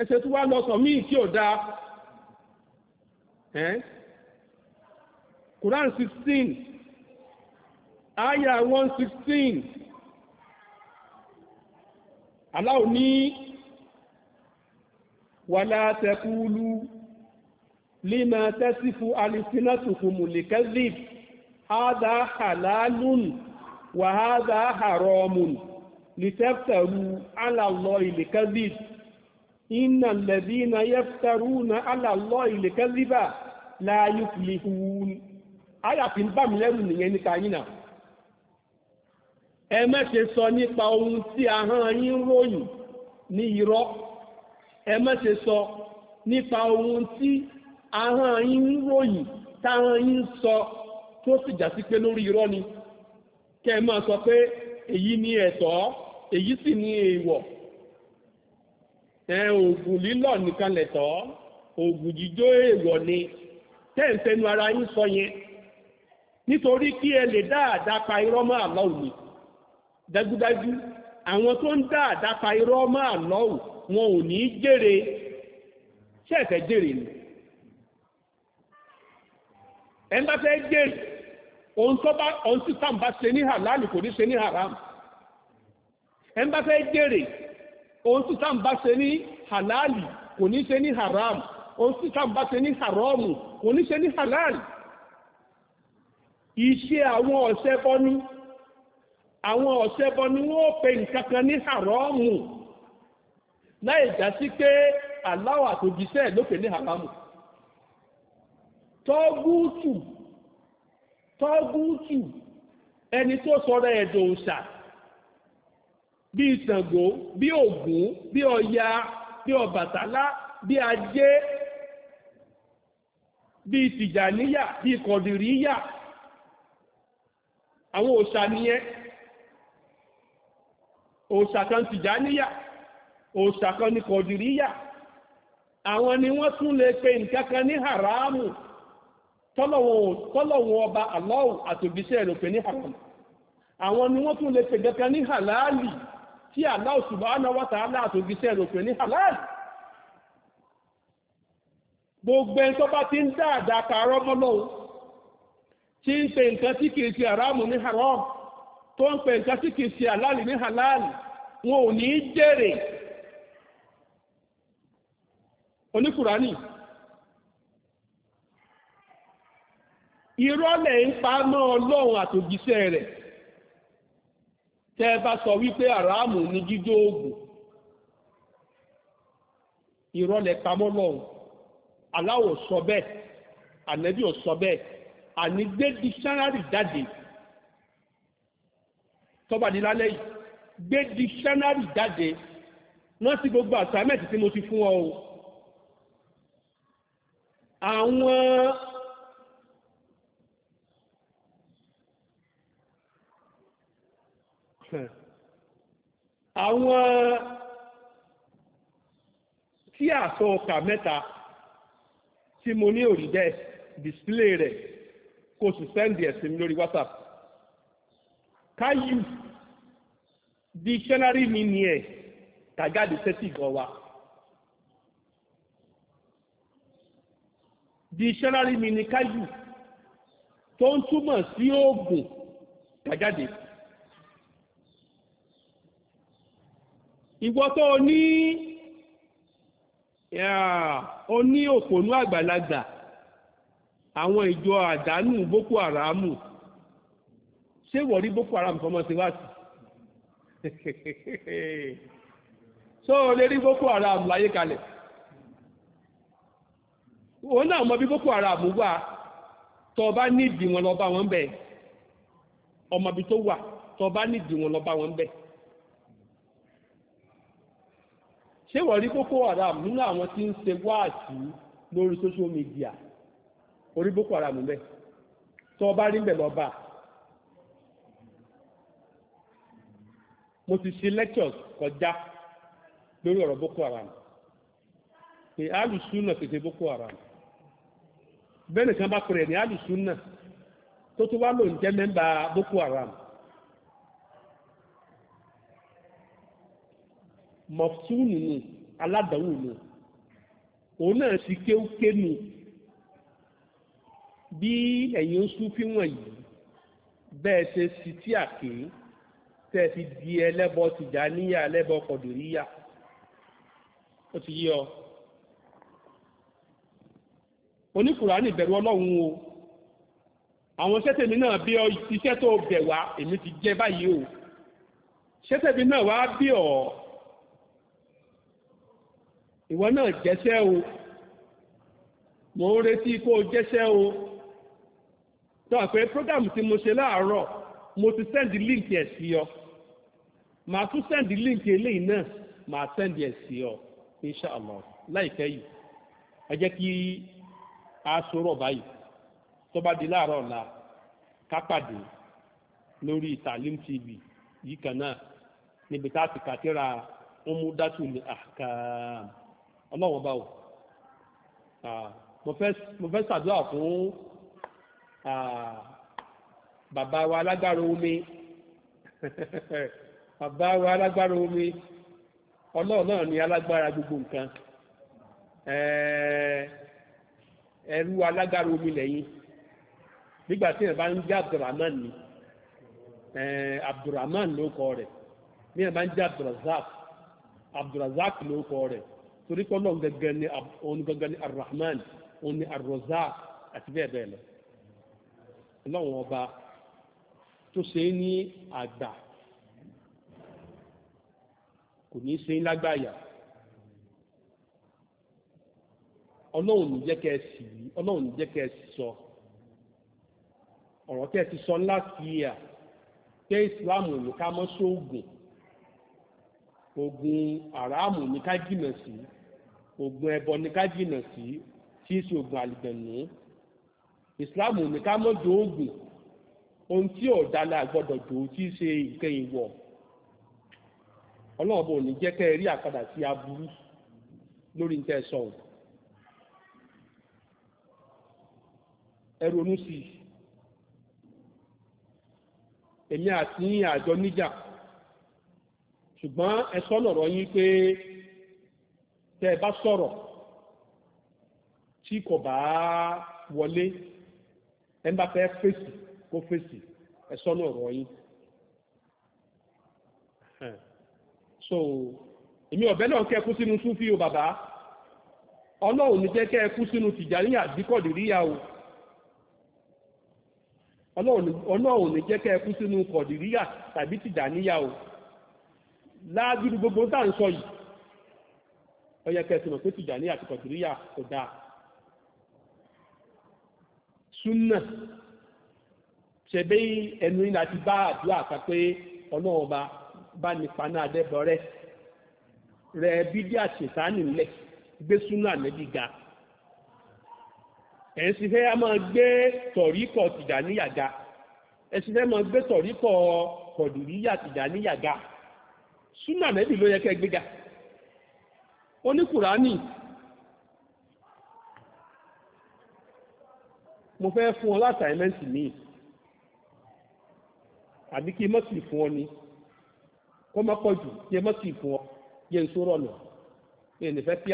ẹsẹ̀ tó wá lọ sọ míì tí ò dáa ẹ́ Quran sixteen aya one sixteen aláwo ní wàlá tẹkùlù lima tẹ́sífù alisinatukum mùlìkẹ́zìb hádà halalun wàhádà haramun lìtẹ́fẹ̀rù alàlọ́ ìlìkẹ́zìb. iná lẹ́bí iná yẹ́fẹ́rú na alàlọ́ ilẹ̀ kẹ́líbà láàyè fìlìhùn ayàfi ń bà mí lẹ́rù nìyẹn níta yín náà ẹ má ṣe sọ nípa ohun tí ahọ́n yín ròyìn ní irọ ẹ má ṣe sọ nípa ohun tí ahọ́n yín ń ròyìn táwọn yín sọ tó sì jà sí pé lórí irọ́ ni kẹ́ ẹ máa sọ pé èyí ni ẹ̀tọ́ èyí sì ni èèwọ̀ ẹ lílọ̀ nìkan lẹ̀tọ́ oògùn jíjó èèwọ̀ ni tẹ́ ara yín sọ yẹn nítorí kí ẹ lè dáadáa pa irọ́ mọ́ àlọ́ òní dájúdájú àwọn tó ń dáadáa pa irọ́ mọ́ àlọ́ wọn ò ní jèrè ṣẹ̀fẹ̀ jèrè ni ẹ bá fẹ́ jèrè ohun tó bá ohun tí sàm bá ṣe ní kò ní ṣe haram ohun tí tá à ń bá ṣe ní halali kò ní ṣe ní haram ohun tí tá à ń bá ṣe ní haramu kò ní ṣe ní halali ìṣe àwọn ọ̀sẹ̀ bọ́nú àwọn ọ̀sẹ̀ bọ́nú wọ́n pe nǹkan kan ní haramu láì já sí pé aláwọ̀ àtòjíṣẹ́ ló pè ní haramu tọ́gútù tọ́gútù ẹni tó sọ̀rọ̀ ẹ̀dọ̀ òṣà bí ìṣàngó bí ògún bí ọya bí ọbàtálá bí ajé bí tìjàníyà bí kọ̀dìríyà àwọn òòṣà nìyẹn òòṣà kan tìjàníyà òòṣà kan ní kọ̀dìríyà àwọn ni wọ́n tún lè pe nǹkan kan ní haramu tọ́lọ̀wọ̀n ọba Allahu àtòbíṣẹ́ rẹ̀ pè ní haramu àwọn ni wọ́n tún lè pe nǹkan kan ní halali tí Allah subhanahu wa ta'ala àtògíṣẹ́ ní halal gbogbo ẹni bụ bá ti ń dáadáa kàárọ̀ mọ́lọ́wọ́ tí ń pe nǹkan tí kìí ṣe àrámù ní haram tó ń pe nǹkan tí kìí ṣe halal ní halal wọn ò ní jèrè oníkùránì pa àtògíṣẹ́ rẹ̀ tẹ́ ẹ bá sọ wípé àràmù ni jíjó oògùn ìrọ̀lẹ́ pamọ́ lọ́hùn aláwọ̀ sọ bẹ́ẹ̀ ànẹ́bí ò sọ bẹ́ẹ̀ àní gbé dictionary jáde tọ́ba ní lálẹ́ yìí gbé dictionary jáde wọ́n sì gbogbo assignment tí mo ti fún ọ o àwọn kan àwọn tí àsọ ọkà mẹ́ta tí mo ní òrí display rẹ̀ kò sì sẹ́ndì ẹ̀sìn lórí whatsapp káyù dictionary mi ni ẹ̀ tàgáàdì sẹ́tì gan wa dictionary mi ni káyù tó ń túmọ̀ sí oògùn tàgáàdì. ìwọ tó o ní o ní òpònú àgbàlagbà àwọn ìjọ àdánù boko haram ṣé wọ́n rí boko haram fọmọ sí wá sí so o lè rí boko haram láyé kalẹ̀ òun náà mọ bí boko haram wà tó o bá nídìí wọn lọ bá wọn bẹ̀ ọmọ ibi tó wà tó bá nídìí wọn lọ bá wọn bẹ̀. ṣé wọ́n rí boko haram nínú àwọn tí ń ṣe wáàsí lórí social media orí boko haram bẹ́ẹ̀ tó o bá rí bẹ̀ lọ bá mo ti ṣe lectures kọjá lórí ọ̀rọ̀ boko haram pé alùsùnà pèsè boko haram bẹ́ẹ̀ nìkan bá pèrè ní alùsùnà tó tún wá lòun jẹ́ mẹ́mbà boko haram. mọ̀tún nínú aládàáwò nù òun náà sì kéwké nù bí ẹ̀yin ń sún fíwọ̀n yìí bẹ́ẹ̀ ṣe sì tí àké tẹ́ ẹ fi di ẹlẹ́bọ tìjàníyà ẹlẹ́bọ kọ̀dùríyà ó ti yé ọ oníkùránì bẹ̀rù ọlọ́run o àwọn sẹ́tẹ̀mí náà bí iṣẹ́ tó bẹ̀ wá èmi ti jẹ́ báyìí o sẹ́tẹ̀mí náà wá bí ọ̀ ìwọ náà jẹ́sẹ́ o mo ń retí kó o jẹ́sẹ́ o tó àpé program tí mo ṣe láàárọ̀ mo ti sẹ́ndì líǹkì ẹ̀ sí ọ màá tún sẹ́ndì líǹkì eléyìí náà màá sẹ́ndì ẹ̀ sí ọ inṣàlọ́ láìpẹ́ yìí ẹ jẹ́ kí a sọ̀rọ̀ báyìí tó bá di láàárọ̀ ọ̀la ká pàdé lórí Talim TV yìí kan náà níbi tá a ti kàtíra umudatul ahkam ọlọ́wọ́n bá wò mo fẹ́ ṣàdúrà fún bàbá wa alágbára omi bàbá wa alágbára omi ọlọ́run náà ni alágbára gbogbo nǹkan ẹrú alágbára omi lẹ́yìn nígbà tí èèyàn bá ń jẹ́ abdulrahman ni abdulrahman ló kọ rẹ̀ bí èèyàn bá ń jẹ́ abdulrazak abdulrazak ló kọ rẹ̀ torí pé ọlọ́run gẹ́gẹ́ ni òun gẹ́gẹ́ ni arrahman òun ni arrozak àti bẹ́ẹ̀ bẹ́ẹ̀ lọ ọlọ́run ọba tó ṣe é ní àgbà kò ní ṣe é lágbàyà ọlọ́run ní jẹ́ kẹ́ ẹ sì yí ọlọ́run ní jẹ́ kẹ́ ẹ sì sọ ọ̀rọ̀ tẹ́ ẹ ti sọ láti yíyà pé ìsìláàmù ní ká mọ́ sóògùn oògùn àràmù ní ká jìnà sí i ògùn ẹbọ ni ká jìnà sí tí í ṣe ògùn àlìgbẹ̀nù ìsìláàmù ní ká mọ́ jó ògùn ohun tí ò dára gbọ́dọ̀ jó tí í ṣe nǹkan ìwọ̀ ọlọ́run bò ní jẹ́ kẹ́ ẹ rí àkàdà sí aburú lórí nǹkan ẹ̀sọ́ ọ̀hún ẹ ronú sí i èmi àti àjọ níjà ṣùgbọ́n ẹ sọ yín pé tẹ́ ẹ bá sọ̀rọ̀ tí kò bá wọlé ẹ bá fẹ́ fèsì kó fèsì ẹ sọ́nà ọ̀rọ̀ yín. so èmi ọ̀bẹ náà kẹ́ ẹ kú sínú súnfì o bàbá ọlọ́run ní jẹ́ kẹ́ ẹ kú sínú tìjàníyà àdíkọ̀dìríyà o ọlọ́run ní jẹ́ kẹ́ ẹ kú sínú kọ̀dìríyà tàbí tìjàníyà o láàbí gbogbo tá à ń sọ yìí ó yẹ kẹsì mọ̀ pé tìjàní àti kọ̀tìríyà kò dáa súnà ṣẹ̀bẹ́ ẹnu yìí láti bá àdúrà kan pé ọlọ́run bá bá nípa náà dẹ́bọ̀ rẹ̀ rẹ̀ bídí àṣetánì ńlẹ̀ gbé súnà nẹ́bí ga ẹ̀ ń sì fẹ́ máa gbé tọ̀ríkọ̀ tìjàní yàga ẹ̀ sì fẹ́ máa gbé tọ̀ríkọ̀ kọ̀dùríyà tìjàní yàga súnà nẹ́bí ló yẹ kẹ́ gbéga. oníkùránì mo fẹ́ fún ọ láti àìmẹ́ǹtì míì àbí kí mọ́ fún ọ ni kó má pọ̀ jù fún ọ yẹ n yẹ n fẹ́ kí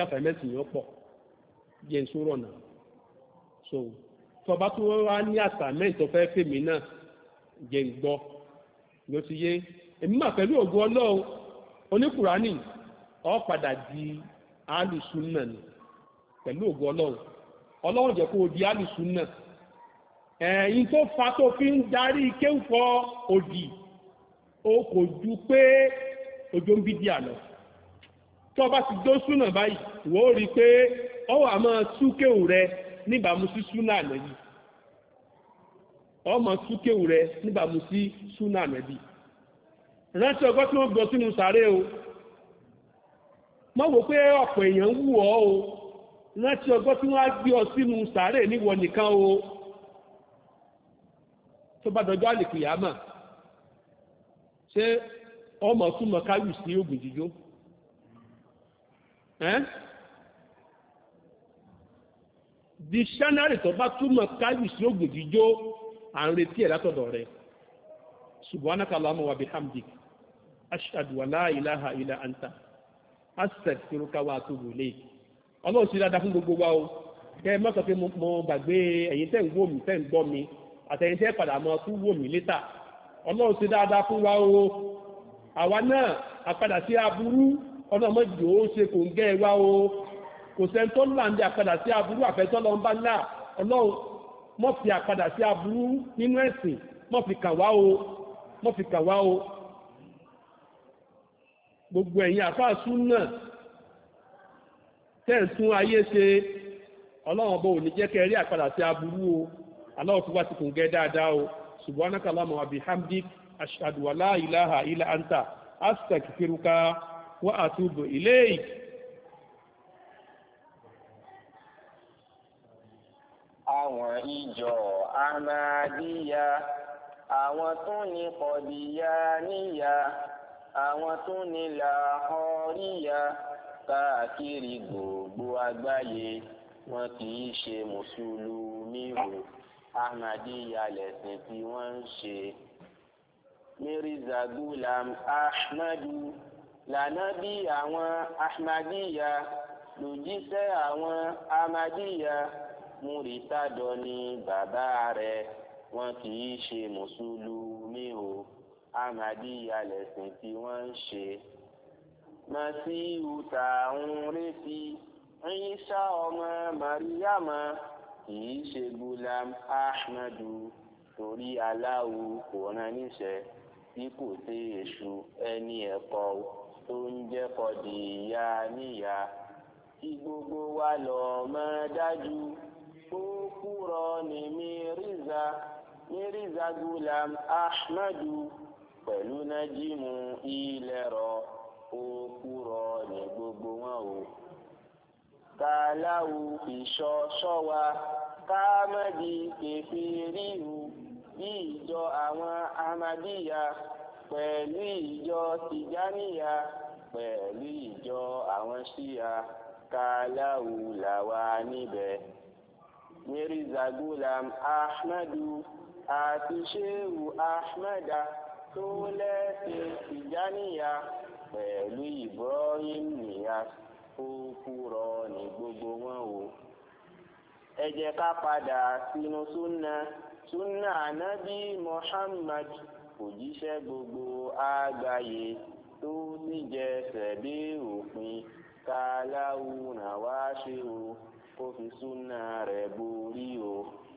yẹn so tọba tó wá ní àtàmẹ́ǹtì tó fẹ́ fèmí náà yẹ n gbọ́ ti yé èmi pẹ̀lú ògùn ọlọ́run oníkùránì padà alùsùnà ni pẹ̀lú ògùn ọlọ́run ọlọ́run jẹ́ kó o di alùsùnà ẹ̀yìn tó fa tó fi ń darí kéwùfọ́ òdì o kò ju pé ojú ń bí bá ti dó súnà báyìí rí pé ọwọ́ àmọ́ rẹ níbàámu sí súnà ọmọ rẹ níbàámu sí súnà rántí ọgọ́ tí wọ́n gbọ́ mọ́ wò pé ọ̀pọ̀ èèyàn wù ọ́ o rántí ọgbọ́n tí wọ́n á gbé ọ sínú sàárè níwọ nìkan o tó bá dọjọ́ àlèkùyàmà ṣé ọmọ túmọ̀ káyù sí ògùn jíjó dictionary tó bá túmọ̀ káyù sí ògùn jíjó à ń retí ẹ̀ látọ̀dọ̀ rẹ̀ subhanaka allahumma wa bihamdik ashhadu anta. astaghfiruka wa atubu ilayk ọlọ́run sì dáadáa fún gbogbo wa o kẹ ẹ mọ́sọ̀ pé mo gbàgbé ẹ̀yin tẹ̀ ń wò mí tẹ̀ ń gbọ́ mi àtẹ̀yin tẹ̀ padà mọ́ tún wò mí létà ọlọ́run sì dáadáa fún wa o àwa náà àpadà sí aburú ọlọ́run mọ́jì ó ṣe kò ń gẹ́ ẹ wá o kò sẹ́ńtọ́ ńlá ń bí àpadà sí aburú àfẹ́tọ́ lọ́nba ńlá ọlọ́run mọ́ fi àpadà sí aburú nínú ẹ̀sìn mọ́ fi kà wá o mọ́ fi kà wá o gbogbo ẹ̀yin àfáàsún náà tẹ́ ń tún ayé ṣe ọlọ́run ọba ò ní jẹ́ kẹrí àpadà sí aburú o aláwọ̀ fún wa ti kùn gẹ́ dáadáa o subhanaka allahumma bihamdik ashhadu wa la àwọn ìjọ ahmadiyya àwọn tó ní níyà àwọn tó ní làhọ́ríyà káàkiri gbogbo àgbáyé wọn kì í ṣe mùsùlùmí o ahmadiyya lẹ̀sìn tí wọ́n ń ṣe. mirza gulam ahmadu lànábì àwọn ahmadiyya lòjíṣẹ́ àwọn ahmadiyya múrítàdọ́ ni bàbá rẹ̀ wọn kì í ṣe mùsùlùmí o amadiya lẹ̀sìn tí wọ́n ń ṣe masiu tá à ń retí Ìsá ọmọ mariama kì í ṣe gulam ahmadu torí aláwo kò rán níṣẹ́ tí kò sí èṣù ẹni ẹ̀kọ́ tó ń jẹ́ kọ́dì ìyá níyà tí gbogbo wa lọ mọ̀ dájú tó kúrò ní mírízà mírízà gulam ahmadu pẹ̀lú nájímù ilẹ̀rọ òkúrọ̀ ní gbogbo wọn o. kàláwù ìṣọ́ ṣọ́wa káàmọ́dì kẹfì ríru bí ìjọ àwọn amadíyà pẹ̀lú ìjọ tìjáníyà pẹ̀lú ìjọ àwọn ṣíyà kàláwù làwa níbẹ̀. Mirza zagulam Ahmadu àti Shehu ahmadah. tó lẹ́sẹ̀ tìjáníyà pẹ̀lú Ibrahim Niyas ó kúrọ ní gbogbo wọn o. ẹ jẹ́ ká padà sínú súnà súnà ànábì Muhammad gbogbo àgbáyé tó sì jẹsẹ̀ dé òpin ká wá ṣe o kó fi súnà rẹ̀ borí o.